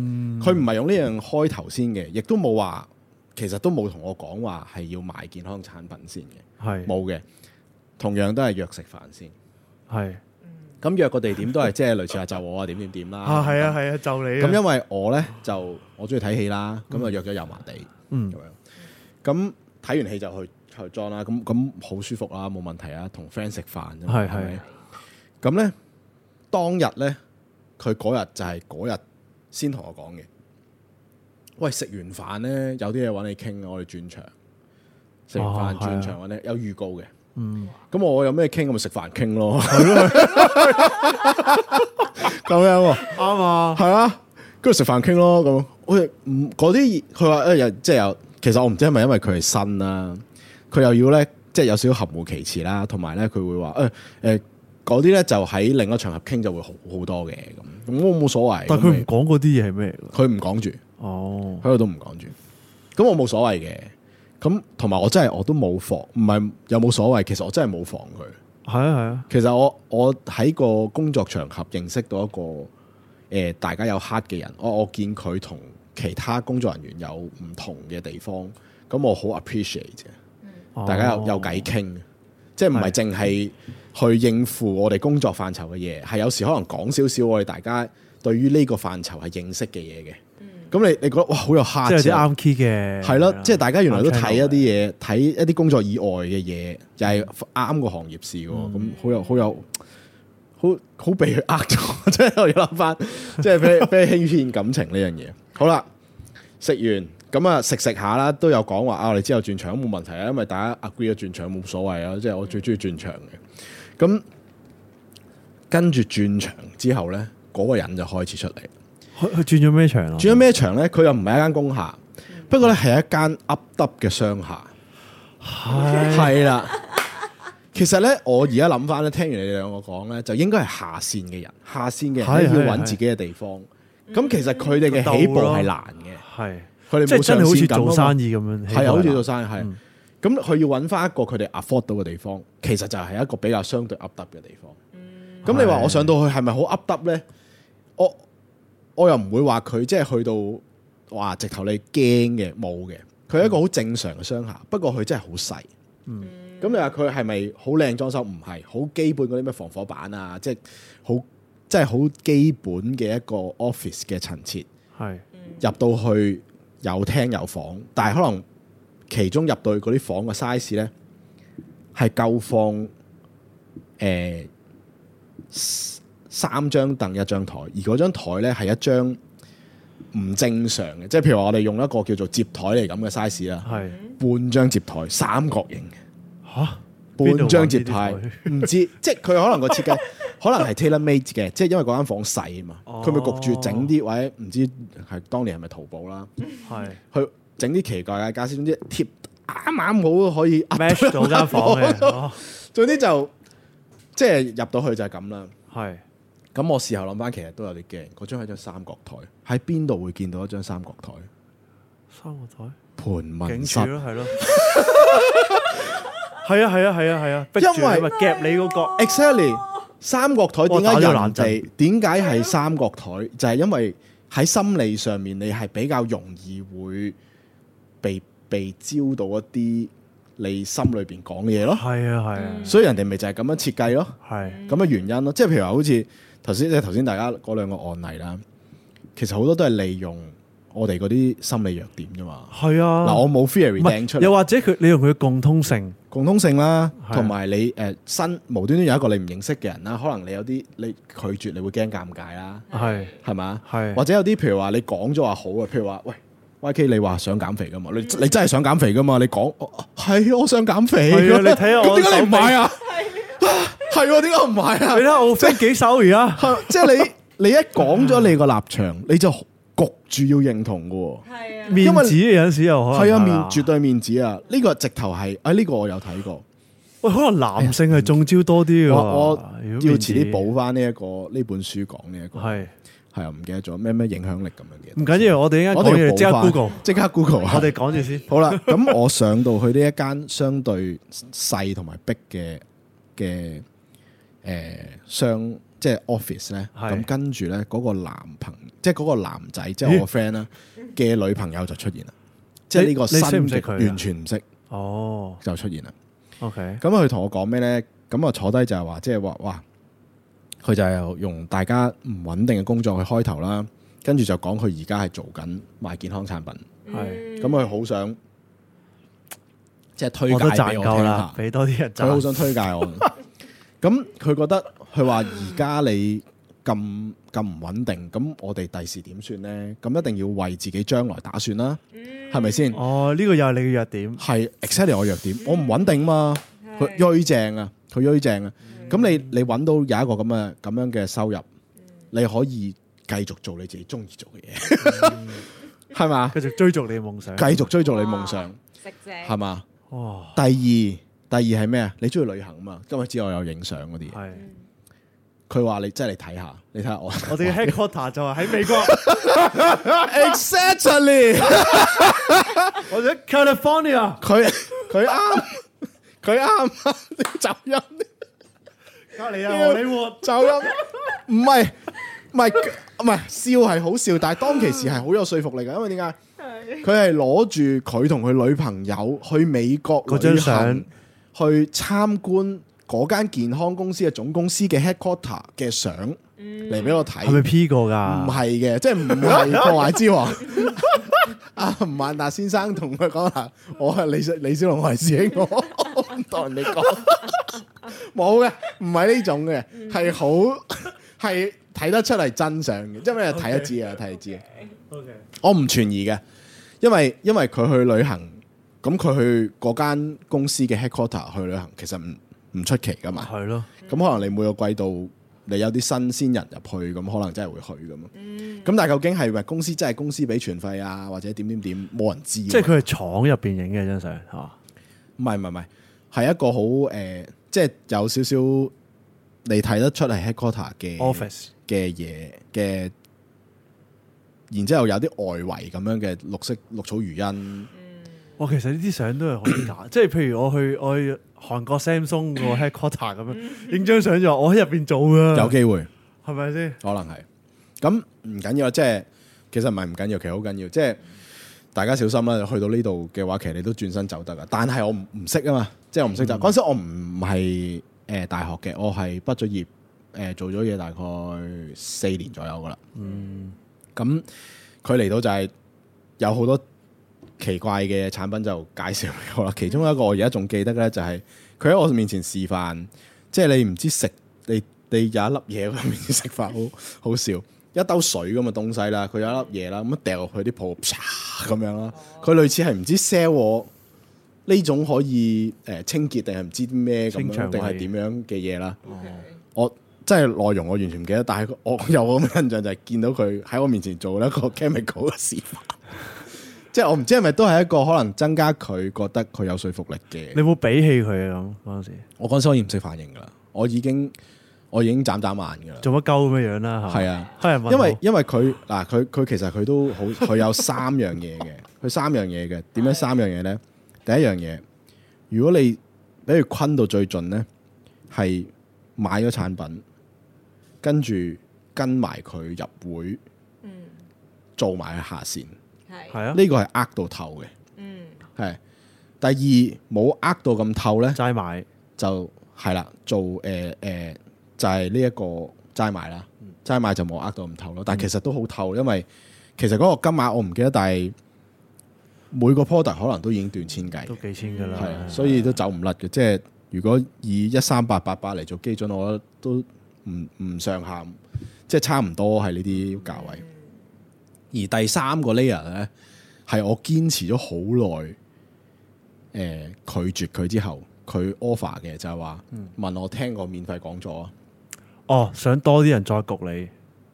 [SPEAKER 1] 佢唔係用呢樣開頭先嘅，亦都冇話，其實都冇同我講話係要買健康產品先嘅，冇嘅，同樣都係約食飯先，係的。咁約個地點都係即係類似話就我怎樣怎樣怎樣啊點點點啦，啊係啊係
[SPEAKER 3] 啊就你。咁因
[SPEAKER 1] 為我呢，就我中意睇戲啦，咁啊約咗油麻地，
[SPEAKER 3] 咁樣、嗯。
[SPEAKER 1] 咁睇完戲就去卸妝啦，咁咁好舒服啦，冇問題啊，同 friend 食飯啫，係係。咁咧當日咧，佢嗰日就係嗰日先同我講嘅。喂，食完飯咧，有啲嘢揾你傾，我哋轉場。食完飯轉場咧，有預告嘅。嗯。咁我有咩傾，我咪食飯傾咯。咁樣啱啊，係啊，跟住食飯傾咯，咁，喂，唔嗰啲，佢話誒，又即係有。其實我唔知係咪因為佢係新啦、啊，佢又要咧，即係有少少含糊其辭啦、啊，同埋咧佢會話誒誒嗰啲咧就喺另一場合傾就會好好多嘅咁、哦，我冇所謂。但佢唔講嗰啲嘢係咩？佢唔講住，哦，喺度都唔講住，咁我冇所謂嘅。咁同埋我真係我都冇防，唔係有冇所謂，其實我真係冇防佢。係啊係啊，啊其實我我喺個工作場合認識到一個誒、呃、大家有黑嘅人，我我見佢同其他工作人員有唔同嘅地方，咁我好 appreciate 嘅，大家有有偈傾，即係唔係淨係去應付我哋工作範疇嘅嘢，係有時可能講少少我哋大家對於呢個範疇係認識嘅嘢嘅。咁你你覺得哇，好有啓，即係啱
[SPEAKER 3] key 嘅，係咯啦，即係啦大家原來都睇一
[SPEAKER 1] 啲嘢，睇啦一啲工作以外嘅嘢，又係啱個行業事喎，咁好有好有好好被佢呃咗，即 係我要諗翻，即係俾俾佢欺騙感情呢樣嘢。好啦，食完咁啊，食食下啦，都有講話啊。我哋之後轉場冇問題啊，因為大家 agree 咗轉場冇所謂啊。即係我最中意轉場嘅。咁跟住轉場之後呢，嗰、嗰個人就開始出嚟。佢佢轉咗咩場咯？轉咗咩場呢？佢又唔係一間工廈，嗯、不過呢係一間 up up 嘅商廈。
[SPEAKER 2] 係
[SPEAKER 1] 係啦。其實呢，我而家諗翻呢，聽完你哋兩個講呢，就應該係下線嘅人，下線嘅人要揾自己嘅地方。的咁、嗯、其實佢哋嘅起步係難嘅，係佢哋冇係真係好似做生意咁樣，係啊的，好似做生意係。咁佢要揾翻一個佢哋 afford 到嘅地方，其實就係一個比較相對 up up 嘅地方。咁、嗯、你話我上到去係咪好 up up 咧？我我又唔會話佢即係去到，哇！直頭你驚嘅冇嘅，佢係一個好正常嘅商廈，不過佢真係好細。咁你話佢係咪好靚裝修？唔係，好基本嗰啲咩防火板啊，即係好。即係好基本嘅一個 office 嘅陳設，係是入到去有廳有房，但係可能其中入到去嗰啲房嘅 size 呢，係夠放誒、呃、三張凳一張台，而嗰張台呢，係一張唔正常嘅，即係譬如我哋用一個叫做接台嚟咁嘅 size 啦，是半張接台三角形
[SPEAKER 3] 嚇。啊
[SPEAKER 1] 半張折台，唔知 即係佢可能個設計 可能係 tailor made 嘅，即係因為嗰間房細嘛，佢咪焗住整啲，或者唔知係當年係咪淘寶啦，係是去整啲奇怪嘅家俬，總之貼啱啱好都可以 match 好間房嘅。最啲 就即係入到去就係咁啦。係咁是我事後諗翻，其實都有啲驚。嗰張係張三角台，喺邊度會見到一張三角台？
[SPEAKER 3] 三角台盤
[SPEAKER 1] 問室，咯，係咯。
[SPEAKER 3] 係啊，係啊，係啊，係啊，啊啊啊因為夾你嗰、那個。exactly、啊、三角台點解有入地？
[SPEAKER 1] 點解係三角台？就係、是、因為喺心理上面，你係比較容易會被被招到一啲你心裏邊講嘅嘢咯。係啊，
[SPEAKER 3] 係啊，啊啊所
[SPEAKER 1] 以人哋咪就係咁樣設計咯。係咁嘅原因咯。即係譬如話好似頭先即係頭先大家嗰兩個案例啦，其實好多都係利用我哋嗰啲心理弱點㗎嘛。
[SPEAKER 3] 係啊。嗱、啊、我冇 theory 掟出嚟，又或者佢你用佢嘅共通性。共通性啦，同埋
[SPEAKER 1] 你誒新無端端有一個你唔認識嘅人啦，可能你有啲你拒絕，你會驚尷尬啦，係係嘛？係或者有啲譬如話你講咗話好啊，譬如話喂 YK 你話想減肥噶嘛，你你真係想減肥噶嘛？你講係我想減肥，你睇下點解你唔買啊？係點解唔買啊？你睇我 fit 幾手而家，即係你你一講咗你個立場，你就。焗住要認同嘅，
[SPEAKER 3] 因為面子有陣時又可能係啊，面絕
[SPEAKER 1] 對面子啊，呢個直頭係，哎呢個我有睇過，喂可能
[SPEAKER 3] 男性係中招多啲嘅，我我要遲啲補
[SPEAKER 1] 翻呢一個呢本書講呢一個，係係啊唔記得咗咩咩影響力咁樣嘅，
[SPEAKER 3] 唔緊要，我哋依家即刻 Google，即刻 Google，我哋講住先，
[SPEAKER 1] 好啦，咁我上到去呢一間相對細同埋逼嘅嘅誒相。即係 office 咧，咁跟住咧嗰個男朋，即係嗰個男仔，即係我個 friend 啦嘅女朋友就出現啦，
[SPEAKER 3] 即係呢個新嘅完
[SPEAKER 1] 全唔識哦，就出現啦。OK，咁佢同我講咩咧？咁啊，坐低就係話，即係話哇，佢就係用大家唔穩定嘅工作去開頭啦，跟住就講佢而家係做緊賣健康產品，係咁佢好想即係推介俾我聽啦，俾多啲人，佢好想推介我。咁佢覺得。佢話而家你咁咁唔穩定，咁我哋第時點算呢？咁一定要為自己將來打算啦，係咪先？吧哦，呢、這個又係你嘅弱點。係，exactly 我弱點，我唔穩定嘛，佢衰正啊，佢衰正啊。咁、嗯、你你揾到有一個咁嘅咁樣嘅收入，你可以繼續做你自己中意做嘅嘢，係 嘛 吧？繼續追逐你嘅夢想，繼續追逐你夢想，哦、正正係嘛？哇！第二第二係咩啊？你中意旅行啊嘛？今日之後有影相嗰啲佢話：你真係嚟睇下，
[SPEAKER 3] 你睇下我。我哋嘅 headquarter 就話喺美國
[SPEAKER 1] ，exactly，或者 California。佢佢啱，佢啱。走音，隔離啊！你活走音，唔係唔係唔係笑係好笑，但係當其時係好有說服力㗎，因為點解？佢係攞住佢同佢女朋友去美國嗰張相去參觀。嗰間健康公司嘅總公司嘅 headquarter 嘅相嚟俾、嗯、我睇，係咪 P
[SPEAKER 3] 過㗎？唔係
[SPEAKER 1] 嘅，即係唔係破壞之王。阿吳萬達先生同佢講啦，我係李小李小龍，還是係我當人哋講冇嘅，唔係呢種嘅，係好係睇得出嚟真相嘅，即係咩？睇得知啊，睇得知。O K，我唔傳疑嘅，因為因為佢去旅行，咁佢去嗰間公司嘅 headquarter 去旅行，其實唔。唔出奇噶嘛。係咯，咁可能你每個季度你有啲新鮮人入去，咁可能真係會去咁咯。咁、嗯、但係究竟係咪公，公司真係公司俾傳費啊？或者點點點，冇人知。即係佢係廠入邊影嘅張相嚇？唔係唔係唔係，係一個好誒，即係有少少你睇得出係 headquarter 嘅 office 嘅嘢嘅，然之後有啲外圍咁樣嘅綠色綠草如茵。嗯
[SPEAKER 3] 我其實呢啲相都係好假，即係 譬如我去我去韓國 Samsung 個 headquarter 咁樣
[SPEAKER 1] 影張相，就話我喺入邊做㗎。有機會係咪先？是是可能係。咁唔緊要啊，即係其實唔係唔緊要，其實好緊要，即係大家小心啦。去到呢度嘅話，其實你都轉身走得㗎。但係我唔識啊嘛，即係我唔識就嗰陣時我唔係誒大學嘅，我係畢咗業誒、呃、做咗嘢大概四年左右噶啦。嗯，咁佢嚟到就係有好多。奇怪嘅產品就介紹俾我啦，其中一個我而家仲記得咧，就係佢喺我面前示範，即係你唔知食，你你有一粒嘢喺面前食法，好好笑，一兜水咁嘅東西啦，佢有一粒嘢啦，咁一掉落去啲破，咁樣啦，佢類似係唔知 sell 我呢種可以誒清潔定係唔知啲咩咁，定係點樣嘅嘢啦。哦、我真係內容我完全唔記得，但係我有咁嘅印象，就係見到佢喺我面前做一個 chemical 嘅示範。即係我唔知係咪都係一個可能增加佢覺得佢有說服力嘅。你會鄙棄佢啊？咁嗰陣時，我嗰時我已經唔識反應噶啦，我已經我已經斬斬慢噶啦，
[SPEAKER 3] 做乜鳩咁嘅樣啦？係啊，吧啊
[SPEAKER 1] 因為好因為佢嗱佢佢其實佢都好佢有三樣嘢嘅，佢 三樣嘢嘅。點樣三樣嘢咧？的第一樣嘢，如果你比如坤到最盡咧，係買咗產品，著跟住跟埋佢入會，做埋下線。係啊，呢個係呃到透嘅，
[SPEAKER 2] 嗯，
[SPEAKER 1] 係。第二冇買呃到咁透咧，齋、呃就是這個、買，買就係啦，做誒誒就係呢一個齋買啦，齋買就冇呃到咁透咯。但係其實都好透，因為其實嗰個金額我唔記得，但係每個 order 可能都已經斷千計，都
[SPEAKER 3] 幾千噶啦，係的，的所
[SPEAKER 1] 以都走唔甩嘅。即係、嗯、的如果以一三八八八嚟做基準，我覺得都唔唔上下，即、就、係、是、差唔多係呢啲價位。而第三個 layer 咧，係我堅持咗好耐，誒拒絕佢之後，佢 offer 嘅就係、是、話問我聽過免費講座
[SPEAKER 3] 啊、嗯？哦，想多啲人再焗你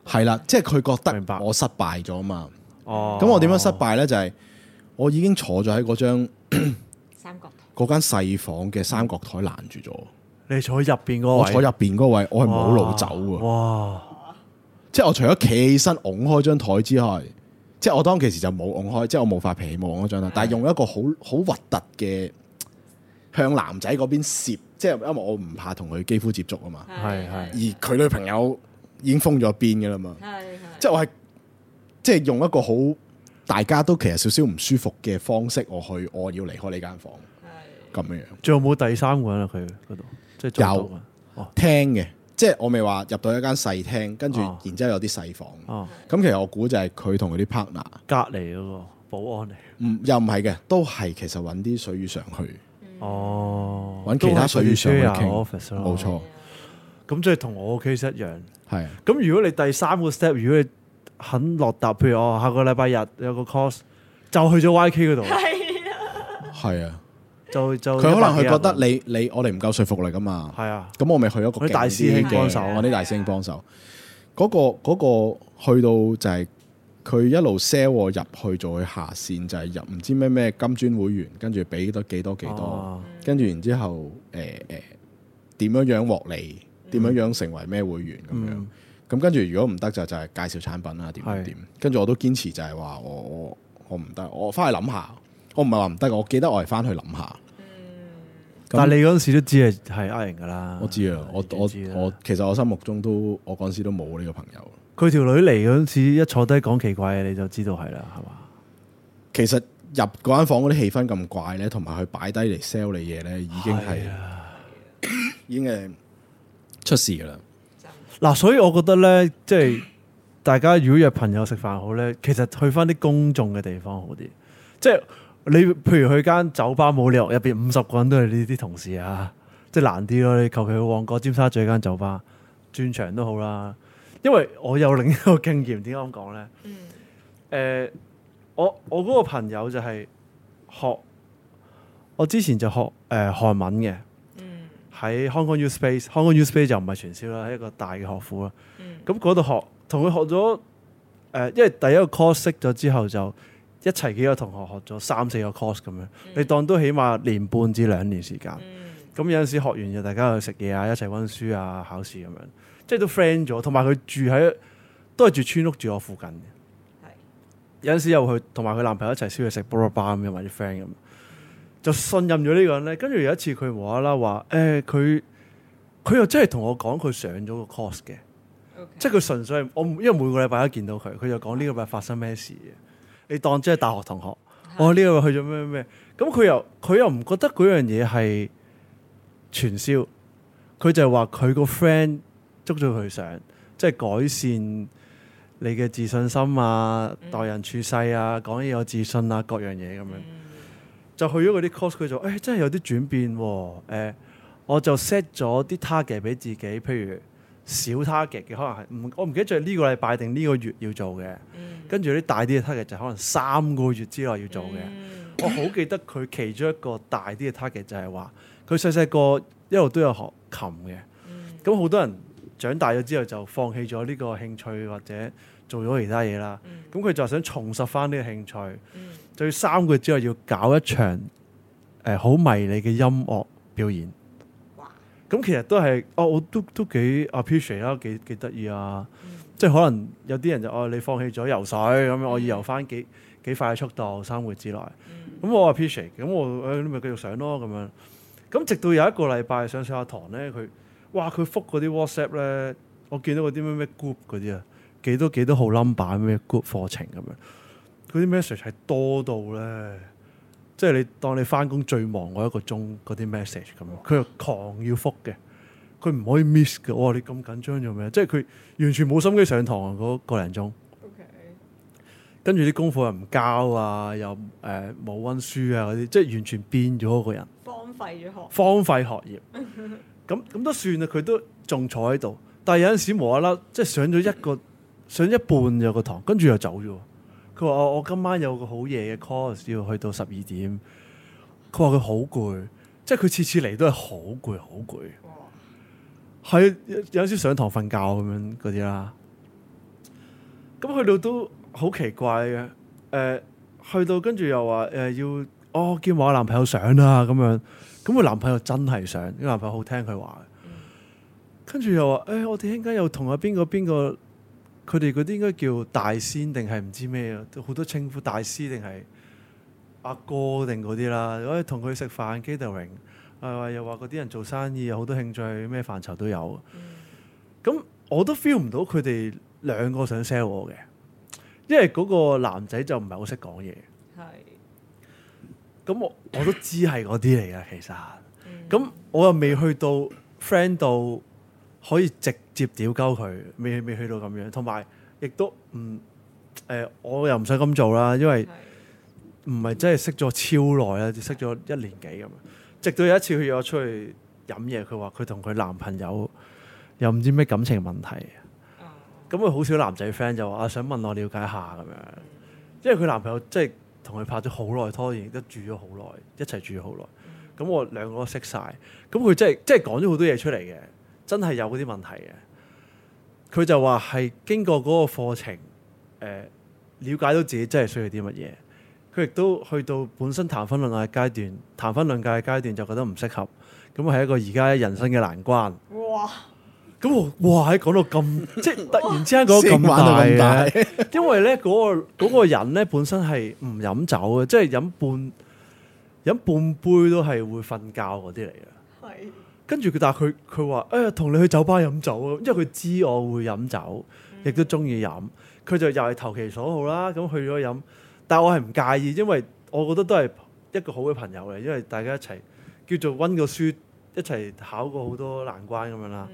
[SPEAKER 1] 係啦，即係佢覺得我失敗咗啊嘛。哦明白，咁我點樣失敗咧？哦、就係我已經坐咗喺嗰張 三角台嗰間細房嘅三角台攔
[SPEAKER 3] 住咗。你坐喺入邊嗰個，我坐入
[SPEAKER 1] 邊嗰位，我係冇路走喎。哇哇即係我除咗企起身拱開張枱之外，即係我當其時就冇拱開，即係我冇發脾氣冇拱開張啦。的但係用一個好好核突嘅向男仔嗰邊攝，即係因為我唔怕同佢肌膚接觸啊嘛。係係的。而佢女朋友已經封咗邊㗎啦嘛。係的即係我係即係用一個好大家都其實少少唔舒服嘅方式，我去我要離開呢間房。咁樣的樣。仲有冇第三個人啊？佢嗰度即係有。哦，聽嘅。即係我未話入到一間細廳，跟住然之後有啲細房。哦、啊、咁、啊、其實我估就係佢同嗰啲 partner 隔離嗰個保安嚟。唔、嗯、又唔係嘅，都係其實揾啲水魚上去。哦、嗯、揾其他水魚上去冇
[SPEAKER 3] 錯。咁、嗯、即係同我 case 一樣。係咁、啊、如果你第三個 step，如果你肯落搭，譬如我下個禮拜日有個 course，就去咗 YK 度。係啊。係啊。佢可能佢覺得你你，你我哋
[SPEAKER 1] 唔夠說服力噶嘛，係啊，咁我咪去咗個大師兄去幫手，啲、啊嗯、大師兄去幫手。嗰、啊那個那個去到就係佢一路 sell 我入去做佢下線，就係、是、入唔知咩咩金磚會員，跟住俾得幾多幾多少，跟住、啊、然之後誒誒點樣樣獲利，點樣樣成為咩會員咁、嗯、樣。咁跟住如果唔得就就係介紹產品啊點點。跟住是我都堅持就係話我我我唔得，我翻去諗下。我唔係話唔得，我記得我係翻去諗下。嗯、那但係你嗰陣
[SPEAKER 3] 時都知係係呃人噶啦我。我知啊，我我
[SPEAKER 1] 我其實我心目中都我嗰陣時都冇呢個朋友。
[SPEAKER 3] 佢條女嚟嗰陣時一坐低講奇怪嘢，你就知道係啦，係嘛？其
[SPEAKER 1] 實入嗰間房嗰啲氣氛咁怪呢，同埋佢擺低嚟 sell 你嘢呢，已經係、啊、 已經係
[SPEAKER 3] 出事㗎喇。嗱， 所以我覺得呢，即係大家如果約朋友食飯好呢，其實去翻啲公眾嘅地方好啲，即係。你譬如去間酒吧，冇理由入邊五十個人都係呢啲同事啊，即係難啲咯。你求其去旺角、尖沙咀間酒吧轉場都好啦。因為我有另一個經驗，點解咁講咧？嗯。呃、我我嗰個朋友就係學，我之前就學誒、呃、韓文嘅。嗯。喺 Hong Kong U Space，Hong Kong U Space 就唔係傳銷啦，係一個大嘅學府啦。咁嗰度學，同佢學咗誒、呃，因為第一個 course 識咗之後就。一齊幾個同學學咗三四個 course 咁樣。嗯、你當都起碼年半至兩年時間。咁、嗯、有陣時學完就大家去食嘢啊，一齊温書啊、考試咁樣，即係都 friend 咗。同埋佢住喺都係住村屋，住我附近嘅。是的 有陣時又去同埋佢男朋友一齊燒嘢食 barbar 咁樣，um, 或者 friend 咁。就信任咗呢個人咧。跟住有一次佢無啦啦話：誒、欸，佢佢又真係同我講佢上咗個 course 嘅，Okay 即係佢純粹係我因為每個禮拜一見到佢，佢就講呢個禮拜發生咩事嘅。你當真係大學同學，我、哦、呢、呢個去咗咩咩？咁佢又佢又唔覺得嗰樣嘢係傳銷，佢就係話佢個 friend 捉咗佢上，即係改善你嘅自信心啊、待人處世啊、講嘢有自信啊、各樣嘢咁樣，就去咗嗰啲 course。佢就誒、哎、真係有啲轉變喎、啊哎，我就 set 咗啲 target 俾自己，譬如。小 target 嘅可能係唔我唔記得咗係呢個禮拜定呢個月要做嘅，跟住啲大啲嘅 target 就可能三個月之內要做嘅。嗯、我好記得佢其中一個大啲嘅 target 就係、是、話，佢細細個一路都有學琴嘅。咁好、嗯、多人長大咗之後就放棄咗呢個興趣或者做咗其他嘢啦。咁佢就係想重拾翻呢個興趣，就要三個月之內要搞一場誒好、呃、迷你嘅音樂表演。咁其實都係，哦，我都都幾 appreciate 啦，幾幾得意啊！嗯、即係可能有啲人就哦，你放棄咗游水咁樣，嗯、我要游翻幾幾快嘅速度，三個月之內。咁、嗯嗯嗯、我 appreciate，咁我、哎、你咪繼續上咯咁樣。咁直到有一個禮拜上上下堂咧，佢哇佢復嗰啲 WhatsApp 咧，Wh App，我見到嗰啲咩咩 group 嗰啲啊，幾多幾多號 number 咩 group 課程咁樣，嗰啲 message 係多到咧。即係你當你翻工最忙嗰一個鐘嗰啲 message 咁樣，佢又狂要覆嘅，佢唔可以 miss 嘅。哇你咁緊張做咩？即係佢完全冇心機上堂嗰、嗰個零鐘。OK，跟住啲功課又唔交啊，又誒冇温書啊嗰啲，即係完全變咗一個人。
[SPEAKER 2] 荒廢咗學，荒
[SPEAKER 3] 廢學業。咁咁 都算啦，佢都仲坐喺度。但係有陣時無啦啦，即係上咗一個上一半有個堂，跟住又走咗。佢話我今晚有個好夜嘅 course 要去到十二點。佢話佢好攰，即係佢次次嚟都係好攰，好攰。係哇有少上堂瞓覺咁樣嗰啲啦。咁去到都好奇怪嘅。誒、呃，去到跟住又話誒、呃、要，我、哦、見話我男朋友上啦咁樣。咁佢男朋友真係上，因為男朋友好聽佢話。跟住又話誒、欸，我哋應該又同阿邊個邊個。佢哋嗰啲應該叫大仙定係唔知咩啊，好多稱呼大師定係阿哥定嗰啲啦。如果你同佢食飯，gathering，係話又話嗰啲人做生意，有好多興趣，咩範疇都有。咁、嗯、我都 feel 唔到佢哋兩個想 sell 我嘅，因為嗰個男仔就唔係好識講嘢。係是。咁我我都知係嗰啲嚟㗎，其實。咁、嗯、我又未去到 friend 度可以直。接屌鳩佢，未去未去到咁樣，同埋亦都唔誒、呃，我又唔想咁做啦，因為唔係真係識咗超耐啦，就、嗯、識咗一年幾咁樣。直到有一次佢約我出去飲嘢，佢話佢同佢男朋友又唔知咩感情問題，咁佢好少男仔 friend 就話想問我了解下咁樣，嗯、因為佢男朋友即係同佢拍咗好耐拖，亦都住咗好耐，一齊住咗好耐，咁、嗯、我兩個都識晒。咁佢、嗯、真係即係講咗好多嘢出嚟嘅，真係有嗰啲問題嘅。佢就話係經過嗰個課程，誒、呃、瞭解到自己真係需要啲乜嘢。佢亦都去到本身談婚論嫁階段，談婚論嫁階段就覺得唔適合。咁啊，係一個而家人生嘅難關。哇！咁哇，喺講到咁，即係突然之間講到咁大嘅，大 因為咧、嗰、嗰、個嗰個人咧本身係唔飲酒嘅，即係飲半飲半杯都係會瞓覺嗰啲嚟嘅。跟住佢，但係佢佢話誒，同、哎、你去酒吧飲酒，因為佢知我會飲酒，亦、嗯、都中意飲，佢就又係投其所好啦。咁去咗飲，但係我係唔介意，因為我覺得都係一個好嘅朋友嚟，因為大家一齊叫做溫個書，一齊考過好多難關咁樣啦。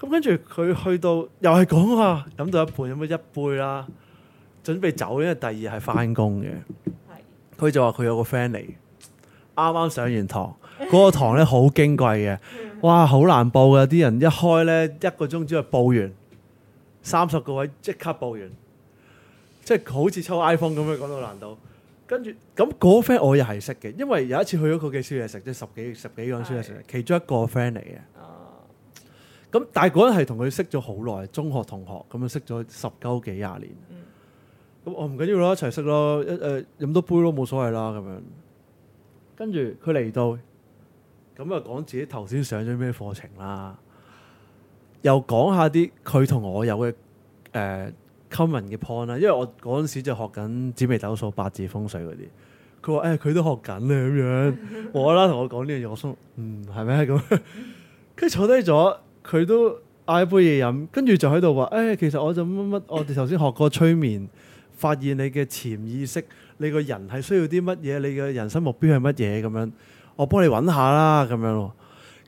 [SPEAKER 3] 咁、嗯、跟住佢去到又係講話，飲到一半，飲咗一杯啦，準備走，因為第二日係翻工嘅。佢就話佢有個 friend 嚟，啱啱上完堂。嗰 個堂咧好矜貴嘅，哇，好難報嘅。啲人一開咧，一個鐘之後報完，三十個位即刻報完，即係好似抽 iPhone 咁樣講到難度。跟住咁嗰 friend 我又係識嘅，因為有一次去咗佢嘅宵夜食，即係十幾十幾個宵夜食，的其中一個 friend 嚟嘅。哦。咁但係嗰個人係同佢識咗好耐，中學同學咁樣識咗十鳩幾廿年。嗯。咁我唔緊要咯，一齊識咯，一誒飲多杯都冇所謂啦咁樣。跟住佢嚟到。咁啊，講自己頭先上咗咩課程啦，又講下啲佢同我有嘅誒 common 嘅 point 啦。因為我嗰陣時就學緊紫微斗數、八字風水嗰啲，佢話誒佢都學緊啊咁樣。我啦同我講呢樣嘢，我心嗯係咩咁？跟住坐低咗，佢都嗌杯嘢飲，跟住就喺度話誒，其實我就乜乜，我哋頭先學過催眠，發現你嘅潛意識，你個人係需要啲乜嘢，你嘅人生目標係乜嘢咁樣，我幫你揾下啦，咁樣咯。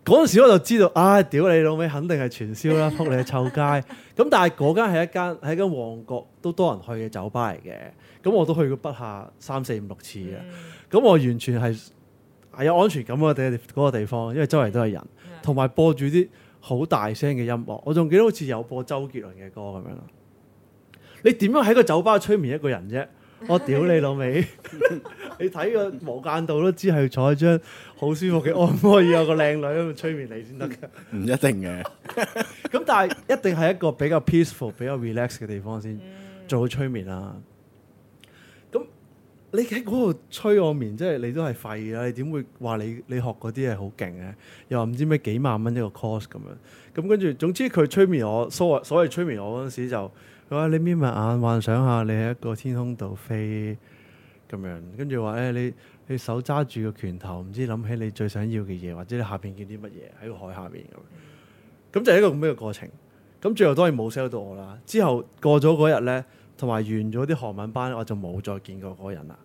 [SPEAKER 3] 嗰陣時我就知道，啊、哎，屌你老味，肯定係傳銷啦，撲你個臭街！咁 但係嗰間係一間喺間旺角都多人去嘅酒吧嚟嘅，咁我都去過不下三四五六次啊。咁、嗯、我完全係係有安全感嗰地嗰、嗰個地方，因為周圍都係人，同埋、嗯、播住啲好大聲嘅音樂。我仲記得好似有播周杰倫嘅歌咁樣咯。你點樣喺個酒吧催眠一個人啫？我屌你老味！你睇個無間道都知係坐喺張好舒服嘅按摩椅，有個靚女咁催眠你先得噶。唔 一定嘅。咁 但係一定係一個比較 peaceful、比較 relax 嘅地方先做好催眠啦。咁、嗯、你喺嗰度催我眠，即係你都係廢啦！你點會話你你學嗰啲係好勁嘅？又話唔知咩幾萬蚊一個 course 咁樣。咁跟住，總之佢催眠我，所謂所謂催眠我嗰陣時就。你眯埋眼幻想下，你喺一個天空度飛咁樣，跟住話誒，你你手揸住個拳頭，唔知諗起你最想要嘅嘢，或者你下邊見啲乜嘢喺個海下邊咁。咁就一個咁樣嘅過程。咁最後當然冇 sell 到我啦。之後過咗嗰日咧，同埋完咗啲韓文班，我就冇再見過嗰個人啦。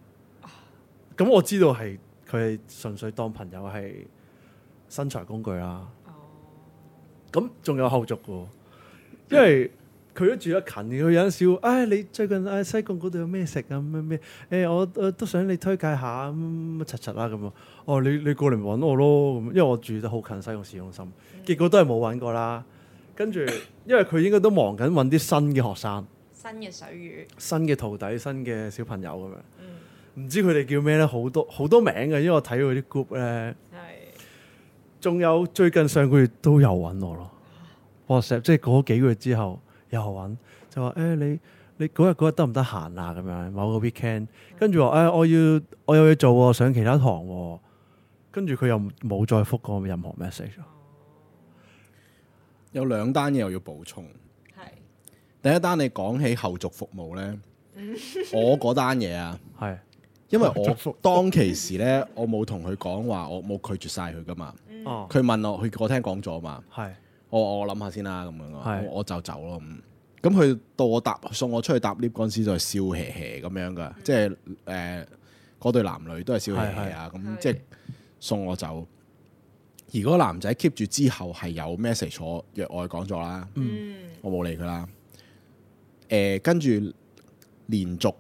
[SPEAKER 3] 咁我知道係佢純粹當朋友係生財工具啦。咁仲有後續嘅，因為。嗯佢都住得近嘅，有陣時，唉、哎，你最近唉西貢嗰度有咩食啊？咩咩，誒、欸，我都想你推介下咁乜柒柒啦咁啊！哦，你你過嚟揾我咯咁，因為我住得好近西貢市中心，結果都係冇揾過啦。跟住，因為佢應該都忙緊揾啲新嘅學生，
[SPEAKER 2] 新嘅水魚，新
[SPEAKER 3] 嘅徒弟，新嘅小朋友咁樣。嗯，唔知佢哋叫咩咧？好多好多名嘅，因為我睇佢啲 group 咧。係的。仲有最近上個月都有揾我咯 WhatsApp 即係嗰幾個月之後。又揾就話誒、欸、你你嗰日嗰日得唔得閒啊？咁樣某個 weekend，跟住話誒我要我有嘢做喎，上其他堂喎，啊，跟住佢又冇再覆過任何 message。
[SPEAKER 1] 有兩單嘢又要補充，係是第一單你講起後續服務咧，
[SPEAKER 2] 我
[SPEAKER 1] 嗰單嘢啊，係是因為我 當其時咧，我冇同佢講話，我冇拒絕晒佢噶嘛。哦、嗯，佢問我，佢我聽講咗嘛，係。我我諗下先啦，咁樣我我就走咯。咁佢到我搭送我出去搭 lift 陣時，就係、笑嘻嘻咁樣噶，即係誒嗰對男女都係笑嘻嘻啊。咁是即係送我走。而果男仔 keep 住之後係有 message 我，約我講座啦。嗯我，我冇理佢啦。誒，跟住連續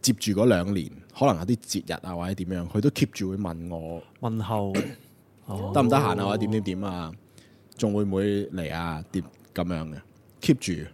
[SPEAKER 1] 接住嗰兩年，可能有啲節日啊或者點樣，佢都 keep 住會問我問候，
[SPEAKER 3] 得唔得閒啊或者點
[SPEAKER 1] 點點啊。仲會唔會嚟啊？點咁樣嘅 keep 住，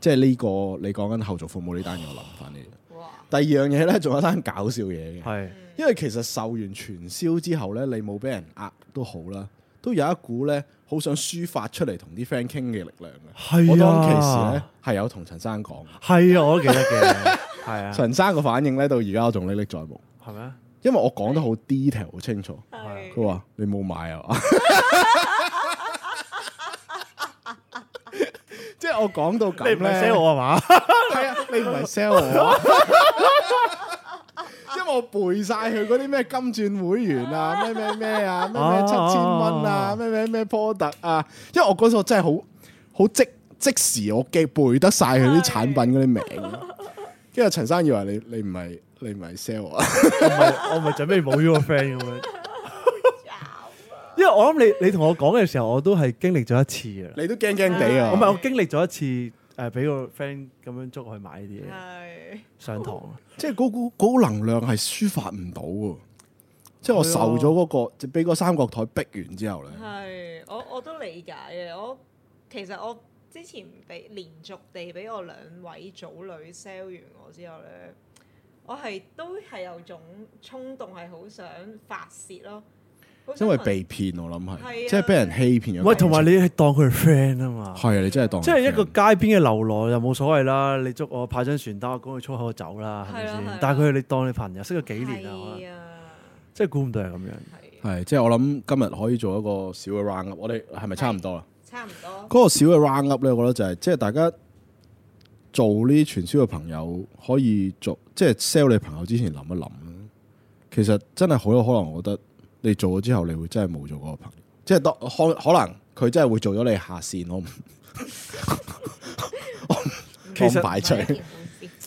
[SPEAKER 1] 即係呢、這個你講緊後續服務呢單嘢我諗翻嚟。哇第二樣嘢咧，仲有單搞笑嘢嘅，係是因為其實售完傳銷之後咧，你冇俾人呃，都好啦，都有一股咧好想抒發出嚟同啲 friend 傾嘅力量嘅。係啊，其實咧係有同陳生講嘅，係啊，我都記得嘅，係 啊。
[SPEAKER 3] 陳
[SPEAKER 1] 生個反應咧到而家我仲歷歷在目，係
[SPEAKER 3] 咪
[SPEAKER 1] 嗎？因為我講得好 detail 好清楚，佢話你冇買啊。 我講到咁咧，sell 我啊嘛？係 啊，你唔係 sell 我 因為我背晒佢嗰啲咩金鑽會員啊，咩咩咩啊，咩咩七千蚊啊，咩咩咩 pro 特啊，因為我嗰個真係好好即即時，我記背得晒佢啲產品嗰啲名。跟住陳生又話你你唔係你唔係 sell 啊？我
[SPEAKER 3] 咪我咪準備冇咗個 friend 咁樣。因為我諗你， 你同我講嘅時候，我都係經歷咗一次噶。你都驚驚地啊！唔係， 我經歷咗一次，誒、呃，俾個 friend 咁樣捉我去買呢啲嘢， 上堂。即係嗰股股能量係抒
[SPEAKER 1] 發唔到，即係我受咗嗰、嗰個，就俾對、哦、個三角台逼完之後咧。
[SPEAKER 2] 係，我我都理解嘅。我其實我之前俾連續地俾我兩位組女 sell 完我之後咧，我係都係有種衝動，係好想發泄咯。因為被騙，我諗係，即係
[SPEAKER 1] 俾人欺騙
[SPEAKER 3] 咗。喂，同埋你係當佢係
[SPEAKER 1] friend 啊嘛？係啊，你真係當。即係
[SPEAKER 3] 一個街邊嘅流浪又冇所謂啦，你捉我派張傳單，我講句粗口我走啦，係咪先？但係佢你當你朋友識咗幾年啊，即係估唔到係咁樣。
[SPEAKER 1] 係，即係我諗今日可以做一個小嘅 round up，我哋係咪差唔多啦？差唔多。嗰個小嘅 round up 咧，我覺得就係即係大家做呢啲傳銷嘅朋友，可以做即係 sell 你朋友之前諗一諗。其實真係好有可能，我覺得。你做咗之後，你會真係冇咗嗰個朋友，即係當可可能佢真係會做咗你下線，我唔、
[SPEAKER 3] 我不其實我，是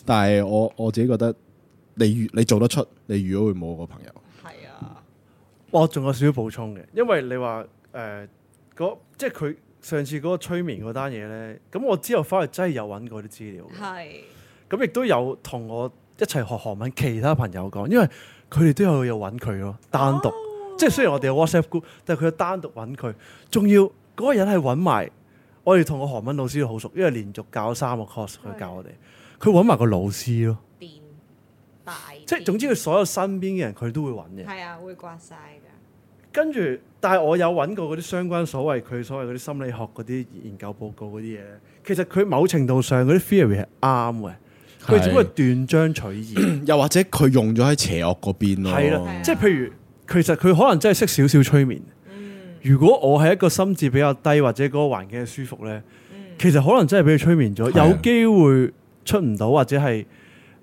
[SPEAKER 1] 但係我我自己覺得你，你越你做得出，你
[SPEAKER 3] 如果會冇個朋友，係啊，我仲，嗯、有少少補充嘅。因為你話誒，呃、即係佢上次嗰個催眠嗰單嘢呢。咁我之後返去，真係有揾過啲資料，係是，咁亦都有同我一齊學韓文其他朋友講，因為佢哋都有有揾佢咯，單獨，哦。即係雖然我哋有 WhatsApp group，但係佢單獨揾佢，仲要嗰個人係揾埋我哋同個韓文老師都好熟，因為連續教三個 course 佢教我哋，佢揾埋個老師咯。變大，即係總之佢所有身邊嘅人，佢都會揾嘅。係
[SPEAKER 2] 啊，會刮晒㗎。
[SPEAKER 3] 跟住，但係我有揾過嗰啲相關所謂佢所謂嗰啲心理學嗰啲研究報告嗰啲嘢，其實佢某程度上嗰啲 theory 係啱嘅，
[SPEAKER 2] 佢只不過斷
[SPEAKER 3] 章取義，又或者佢用咗喺邪惡嗰邊咯。係啦，即係譬如。其實佢可能真係識少少催眠。嗯、如果我係一個心智比較低或者嗰個環境嘅舒服呢，嗯、其實可能真係俾佢催眠咗，嗯、有機會出唔到或者係、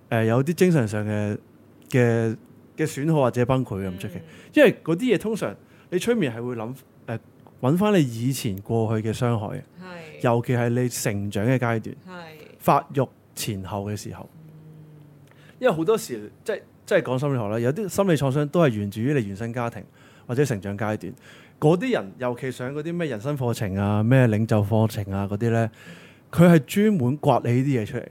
[SPEAKER 3] 呃、有啲精神上嘅嘅嘅損耗或者崩潰咁出嘅。因為嗰啲嘢通常你催眠係會諗誒揾翻你以前過去嘅傷害、嗯、尤其係你成長嘅階段，嗯、是發育前後嘅時候，嗯、因為好多時即係。即係講心理學啦，有啲心理創傷都係源自於你原生家庭或者成長階段。嗰啲人，尤其上嗰啲咩人生課程啊、咩領袖課程啊嗰啲呢。佢係專門刮你啲嘢出嚟，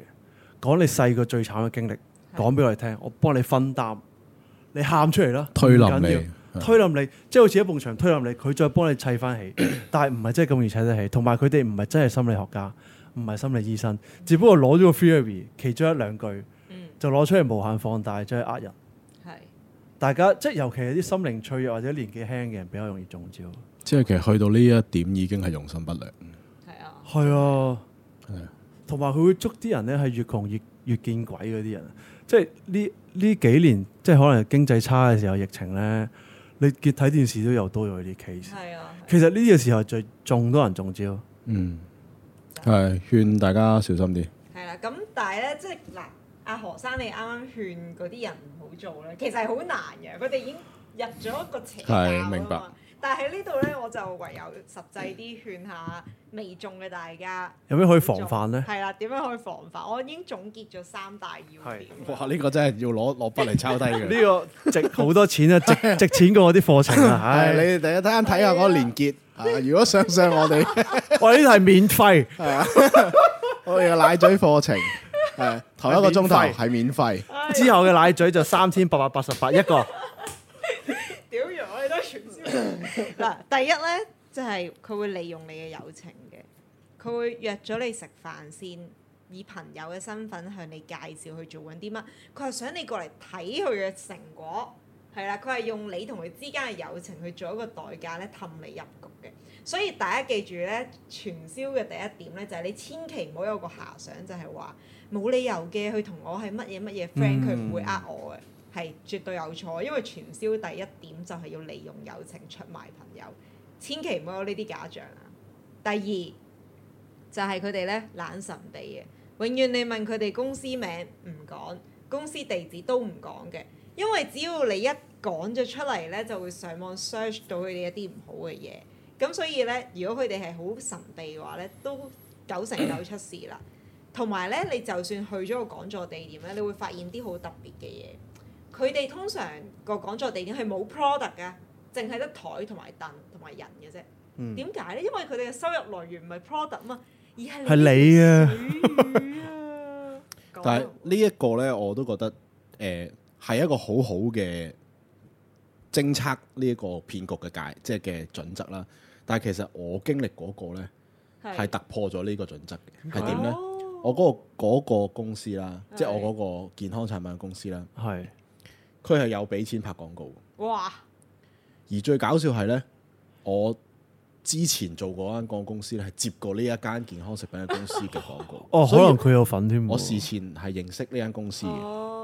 [SPEAKER 3] 講你細個最慘嘅經歷，講俾我哋聽，我幫你分擔，你喊出嚟啦。推冧你，推冧你，即係好似一埲牆推冧你，佢再幫你砌翻起，但係唔係真係咁易砌得起。同埋佢哋唔係真係心理學家，唔係心理醫生，只不過攞咗個 theory 其中，其中一兩句。就攞出嚟無限放大，就係呃人。係，大家即係尤其係啲心靈脆弱或者年紀輕嘅人比較容易中招。
[SPEAKER 1] 即係其實去到呢一點已經係用心不良。
[SPEAKER 3] 係啊。係啊。係啊。同埋佢會捉啲人咧，係越窮越越見鬼嗰啲人。即係呢呢幾年，即係可能經濟差嘅時候，疫情咧，你見睇電視都有多咗啲 case。係啊。其實呢個時候最中多人中招。嗯。
[SPEAKER 1] 係，勸大家小心啲。
[SPEAKER 2] 係啦。咁，但係咧，即係嗱。阿何生，你啱啱勸嗰啲人唔好做咧，其實係好難嘅。佢哋已經入咗一個邪教，係，明白，但係呢度咧，我就唯有實際啲勸下未中嘅大家。
[SPEAKER 3] 有咩可以防範咧？
[SPEAKER 2] 係啦，點樣可以防範？我已經總結咗三大要
[SPEAKER 3] 點。哇！呢、呢個真係要攞攞筆嚟抄低嘅。呢 個值好多錢啊！ 值值錢過我啲課程啊、 哎！你哋第一睇下睇下我連結
[SPEAKER 1] 啊！ 如果相信我哋，我呢啲係免費， 我哋嘅奶嘴課,課程。
[SPEAKER 3] 誒頭、嗯、一個鐘頭係免費，免費之後嘅奶嘴就三千八百八十八
[SPEAKER 2] 一個。屌！弱，我哋都傳銷嗱。第一咧就係、即係、佢會利用你嘅友情嘅，佢會約咗你食飯先，以朋友嘅身份向你介紹去做緊啲乜。佢係想你過嚟睇佢嘅成果，係啦。佢係用你同佢之間嘅友情去做一個代價咧，氹你入局嘅。所以大家記住咧，傳銷嘅第一點咧就係你千祈唔好有個遐想，就係話。冇理由嘅，佢同我係乜嘢乜嘢 friend，佢唔會呃我嘅，係絕對有錯。因為傳銷第一點就係要利用友情出賣朋友，千祈唔好有呢啲假象啊。第二就係佢哋咧懶神秘嘅，永遠你問佢哋公司名唔講，公司地址都唔講嘅，因為只要你一講咗出嚟咧，就會上網 search 到佢哋一啲唔好嘅嘢。咁所以咧，如果佢哋係好神秘嘅話咧，都九成九出事啦。嗯同埋咧，你就算去咗個講座地點咧，你會發現啲好特別嘅嘢。佢哋通常個講座地點係冇 product 噶，淨係得台同埋凳同埋人嘅啫。點解咧？因為佢哋嘅收入來源唔係 product 啊嘛，而係係你,、啊、你
[SPEAKER 3] 啊。 吧但係
[SPEAKER 1] 呢一個咧，我都覺得誒係、呃、一個好好嘅偵測呢一個騙局嘅界，即係嘅準則啦。但係其實我經歷嗰個咧係突破咗呢個準則嘅，係點咧？我嗰個公司啦，即係我嗰個健康產品公司啦，係佢係有俾錢拍廣告。哇！而最搞笑係呢，我之前做過間廣告公司咧，係接過呢一間健康食品嘅公司嘅廣告。哦，可能佢有份添。我事前係認識呢間公司嘅。哦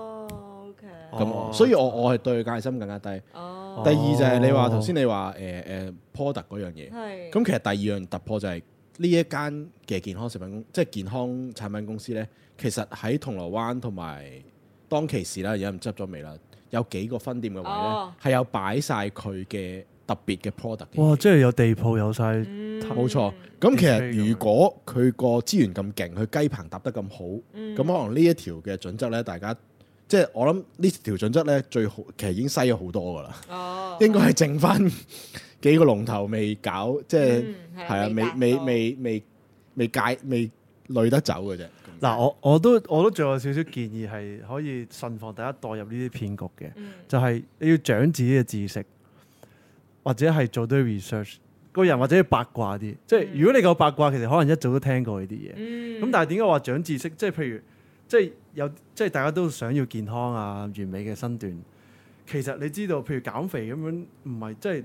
[SPEAKER 1] 咁、okay 那哦、所以我，我我係對戒心更加低。哦、第二就係你話頭先，哦、你話誒誒 product 嗰樣嘢。咁是其實第二樣突破就係、是。呢一間嘅健康食品公，即係健康產品公司咧，其實喺銅鑼灣同埋當其時啦，而家執咗未啦？有幾個分店嘅位呢，係噢有擺晒佢嘅特別嘅 product
[SPEAKER 3] 嘅。即係有地鋪有
[SPEAKER 1] 晒，冇、嗯、錯。咁其實如果佢個資源咁勁，佢雞棚搭得咁好，咁、嗯、可能呢一條嘅準則呢，大家即係我諗呢條準則呢，最好其實已經篩咗好多㗎啦。哦
[SPEAKER 3] 噢，噢應該係剩翻。
[SPEAKER 1] 幾個龍頭未搞，即係係啊，未未未
[SPEAKER 3] 未解未累得走嘅啫。嗱，我我都我都仲有少少建議係可以慎防大家墮入呢啲騙局嘅，嗯、就係你要長自己嘅知識，或者係做多 research，個人或者要八卦啲。嗯、即係如果你夠八卦，其實可能一早都聽過呢啲嘢。咁、嗯、但係點解話長知識？即係譬如，即係有即係大家都想要健康啊、完美嘅身段。其實你知道,你知道，譬如減肥咁樣，唔係即係。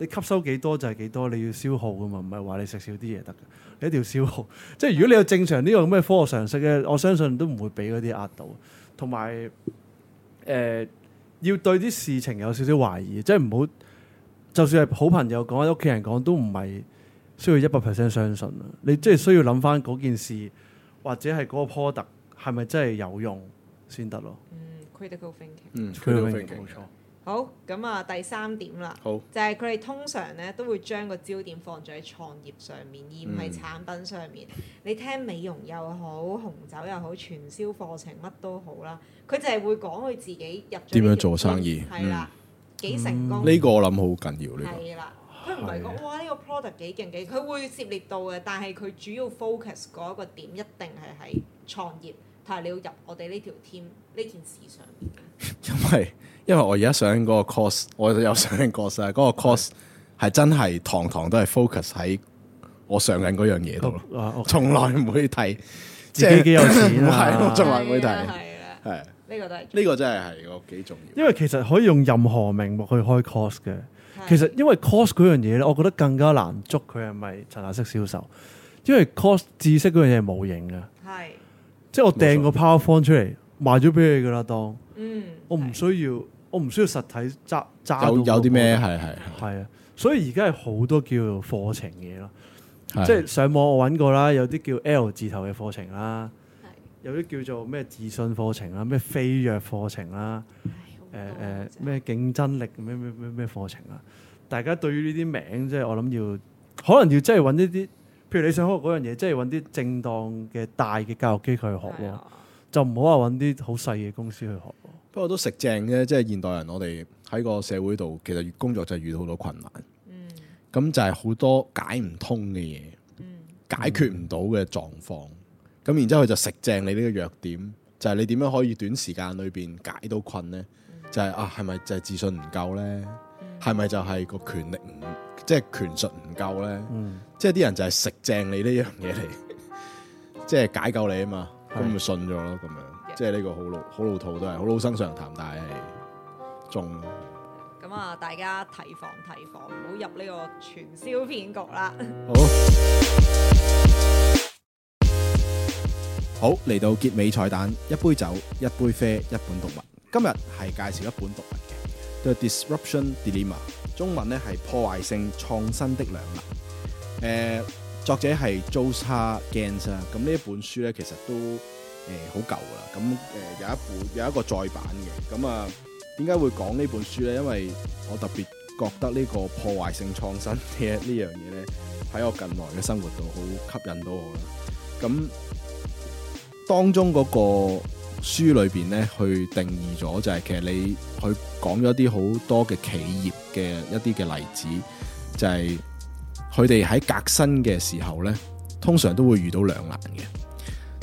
[SPEAKER 3] 你吸收幾多就係幾多，你要消耗噶嘛，唔係話你食少啲嘢得嘅，你一定要消耗。即係如果你有正常呢個咁嘅科學常識嘅，我相信都唔會俾嗰啲壓到。同埋誒，要對啲事情有少少懷疑，即係唔好，就算係好朋友講、屋企人講，都唔係需要一百 percent 相信啦。你即係需要諗翻嗰件事，或者係嗰個 product 係咪真係有用先得咯？嗯
[SPEAKER 2] ，critical thinking。嗯，critical thinking，冇錯。好咁啊，第三點啦，好就係佢哋通常咧都會將個焦點放咗喺創業上面，而唔係產品上面。嗯、你聽美容又好，紅酒又好，傳銷課程乜都好啦，佢就係會講佢自己入點樣做生意，係啦幾成功。呢、嗯呢個我
[SPEAKER 1] 諗好緊要呢、呢
[SPEAKER 2] 個。佢唔係講哇呢、呢個 product 幾勁幾，佢會涉獵到嘅，但係佢主要 focus 嗰一個點一定係喺創業，但係你要入我哋呢條 team 呢件事上面。
[SPEAKER 1] 因為因為我而家上嗰個 course，我有上緊 course 嗰個 course 係真係堂堂都係 focus 喺我上緊嗰樣嘢度，從來唔會睇
[SPEAKER 2] 自己幾有
[SPEAKER 1] 錢啦，從來唔會睇係，呢個都係呢個真係係我幾重要，
[SPEAKER 3] 因為其實可以用任何名目去開 course 嘅，其實因為 course 嗰樣嘢咧，我覺得更加難捉，佢係咪層壓式銷售？因為 course 知識嗰樣嘢係無形㗎，係，即係我掟個 PowerPoint 出嚟賣咗俾佢噶啦，當。嗯，我唔需要，的我唔需要實體揸揸有啲咩係係係啊，所以而家係好多叫做課程嘢咯，
[SPEAKER 1] 的即係
[SPEAKER 3] 上網我揾過啦，有啲叫 L 字頭嘅課程啦，的有啲叫做咩自信課程啦，咩飛躍課程啦，誒誒咩競爭力咩咩咩咩課程啊，大家對於呢啲名，即係我諗要，可能要即係揾一啲，譬如你想學嗰樣嘢，即係揾啲正當嘅大嘅教育機構去學咯，的的就唔好話揾啲好細嘅公司去學。
[SPEAKER 1] 不過都食正嘅，即係現代人，我哋喺個社會度，其實工作就係遇到好多困難。嗯，咁就係好多解唔通嘅嘢，嗯、解決唔到嘅狀況。咁、嗯、然之後佢就食正你呢個弱點，就係、是、你點樣可以短時間裏邊解到困咧？就係、是、啊，係咪就係自信唔夠咧？係咪就係個權力唔即係權術唔夠咧？即係啲人就係食正你呢樣嘢嚟，即係解救你啊嘛，咁咪信咗咯咁樣。即係呢個好老好老土都係好老生常談，但係仲
[SPEAKER 2] 咁啊！大家提防提防，唔好入呢個傳銷騙局啦！好，
[SPEAKER 1] 好，嚟到結尾彩蛋，一杯酒，一杯啡，一本讀物。今日係介紹一本讀物嘅《The Disruption Dilemma》，中文咧係破壞性創新的兩難。誒、呃，作者係 Joshua Gans 啊。咁呢一本書咧，其實都。誒，好舊噶啦，咁誒有一部有一個再版嘅。咁啊，點解會講呢本書呢？因為我特別覺得呢個破壞性創新呢呢樣嘢呢，喺我近來嘅生活度好吸引到我啦。咁當中嗰個書裏邊呢，去定義咗就係其實你佢講咗啲好多嘅企業嘅一啲嘅例子，就係佢哋喺革新嘅時候呢，通常都會遇到兩難嘅。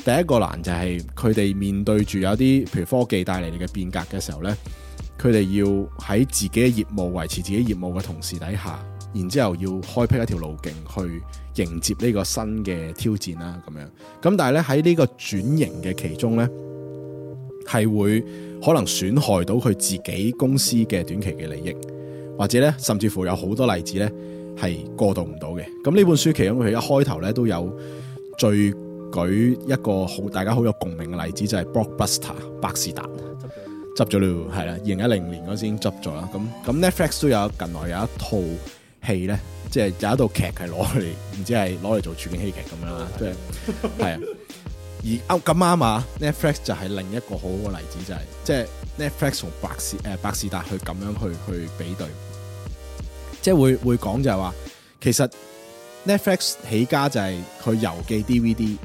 [SPEAKER 1] 第一個難就係佢哋面對住有啲，譬如科技帶嚟嘅變革嘅時候呢，佢哋要喺自己嘅業務維持自己業務嘅同時底下，然之後要開闢一條路徑去迎接呢個新嘅挑戰啦，咁樣。咁但係咧喺呢個轉型嘅其中呢係會可能損害到佢自己公司嘅短期嘅利益，或者呢，甚至乎有好多例子呢係過渡唔到嘅。咁呢本書其中佢一開頭呢都有最。舉一個好大家好有共鳴嘅例子，就係、是、Blockbuster 百事達執咗啦，係啦，二零一零年嗰時已經執咗啦。咁咁 Netflix 都有近來有一套戲咧，即係有一套劇係攞嚟，唔知係攞嚟做處境喜劇咁 樣啦，即係係啊。而咁啱啊，Netflix 就係另一個好好嘅例子，就係、是、即係 Netflix 同百事誒百事達去咁、呃、樣去去比對，即係會會講就係話，其實 Netflix 起家就係佢郵寄 DVD。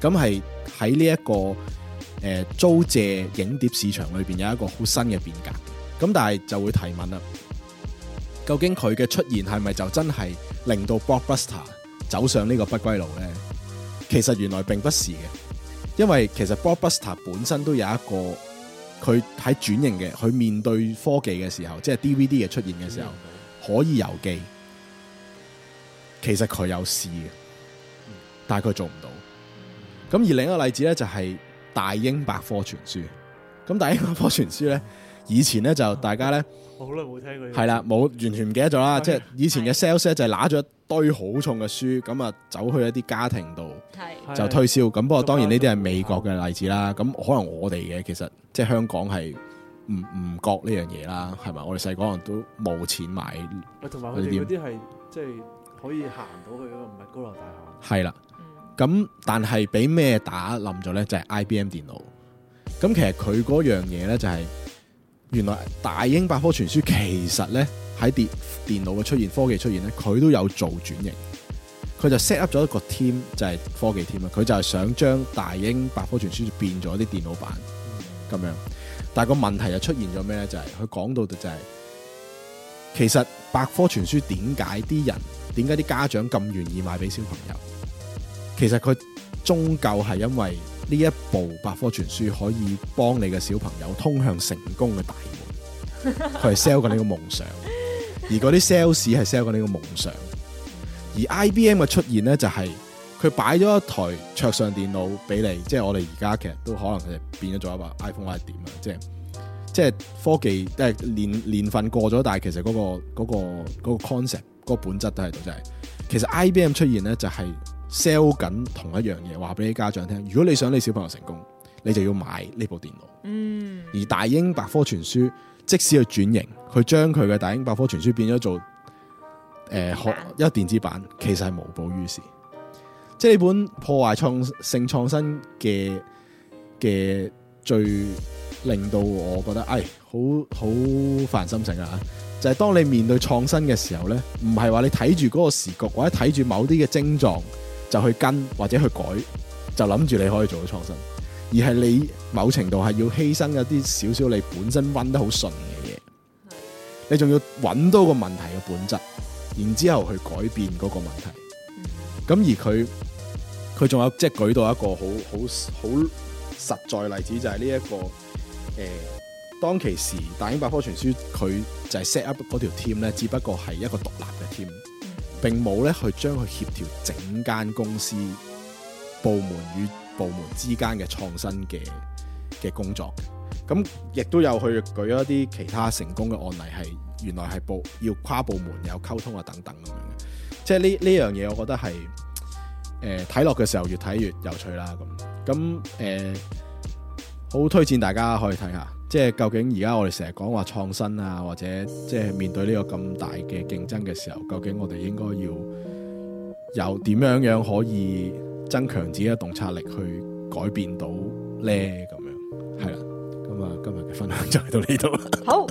[SPEAKER 1] 咁係喺呢一個誒、呃、租借影碟市場裏邊有一個好新嘅變革，咁但係就會提問啦，究竟佢嘅出現係咪就真係令到 Blockbuster 走上呢個不歸路咧？其實原來並不是嘅，因為其實 Blockbuster 本身都有一個佢喺轉型嘅，佢面對科技嘅時候，即係 DVD 嘅出現嘅時候，可以有機，其實佢有事嘅，但係佢做唔到。咁而另一個例子咧，就係大英百科全書。咁大英百科全書咧以前咧就大家咧，我
[SPEAKER 3] 好耐冇聽過，係啦，
[SPEAKER 1] 冇完全唔記得咗啦，嗯、即係以前嘅 sales 就係揦咗一堆好重嘅書，咁啊、嗯、走去一啲家庭度，就推銷。咁的不過當然呢啲係美國嘅例子啦，咁可能我哋嘅其實即係香港係唔唔覺呢樣嘢啦，係咪？我哋細個可能都冇錢買，同埋佢哋嗰啲係即係可
[SPEAKER 3] 以行到去嗰個，唔係高樓大
[SPEAKER 1] 廈。係啦。咁但係俾咩打冧咗呢？就係、是、IBM 電腦。咁其實佢嗰樣嘢呢，就係、是，原來大英百科全書其實呢，喺電電腦嘅出現，科技出現呢，佢都有做轉型。佢就 set up 咗一個 team 就係科技 team 啦，佢就係想將大英百科全書變咗啲電腦版咁樣。但係個問題就出現咗咩呢？就係佢講到就係、是，其實百科全書點解啲人點解啲家長咁願意買俾小朋友？其實佢終究係因為呢一部百科全書可以幫你嘅小朋友通向成功嘅大門，
[SPEAKER 3] 佢係
[SPEAKER 1] sell 緊呢個夢想，而嗰啲 sales 係 sell 緊呢個夢想。而 IBM 嘅出現咧，就係佢擺咗一台桌上電腦俾你，即係我哋而家其實都可能佢哋變咗做一個 iPhone One 點啦，即係即係科技即係年年份過咗，但係其實嗰、嗰個嗰 concept 嗰個本質都喺度。就係其實 IBM 出現咧，就係、係。sell 緊同一樣嘢，話俾啲家長聽。如果你想你小朋友成功，你就要買呢部電腦。嗯。而大英百科全書即使去轉型，佢將佢嘅大英百科全書變咗做誒學一電子版，其實係無補於事。即係呢本破壞創性創新嘅嘅最令到我覺得誒好好煩心情啊！就係、是、當你面對創新嘅時候呢，唔係話你睇住嗰個時局或者睇住某啲嘅症狀就去跟或者去改，就諗住你可以做到創新，而係你某程度係要犧牲一啲少少你本身玩得好順嘅嘢，嗯、你仲要揾到個問題嘅本質，然之後去改變嗰個問題。咁、嗯、而佢佢仲有即係、就是、舉到一個好好好實在例子，就係呢一個誒、呃、當其時大英百科全書佢就係 set up 嗰條 team 咧，只不過係一個獨立嘅 team。並冇咧去將佢協調整間公司部門與部門之間嘅創新嘅嘅工作，咁亦都有去舉咗一啲其他成功嘅案例，係原來係部要跨部門有溝通啊，等等咁樣嘅。即係呢呢樣嘢，我覺得係誒睇落嘅時候越睇越有趣啦。咁咁誒，好、呃、推薦大家可以睇下。即係究竟而家我哋成日講話創新啊，或者即係面對呢個咁大嘅競爭嘅時候，究竟我哋應該要有點樣樣可以增強自己嘅洞察力去改變到
[SPEAKER 3] 咧？咁樣係啦，咁啊、嗯、今日嘅分享就係到呢度。
[SPEAKER 2] 好。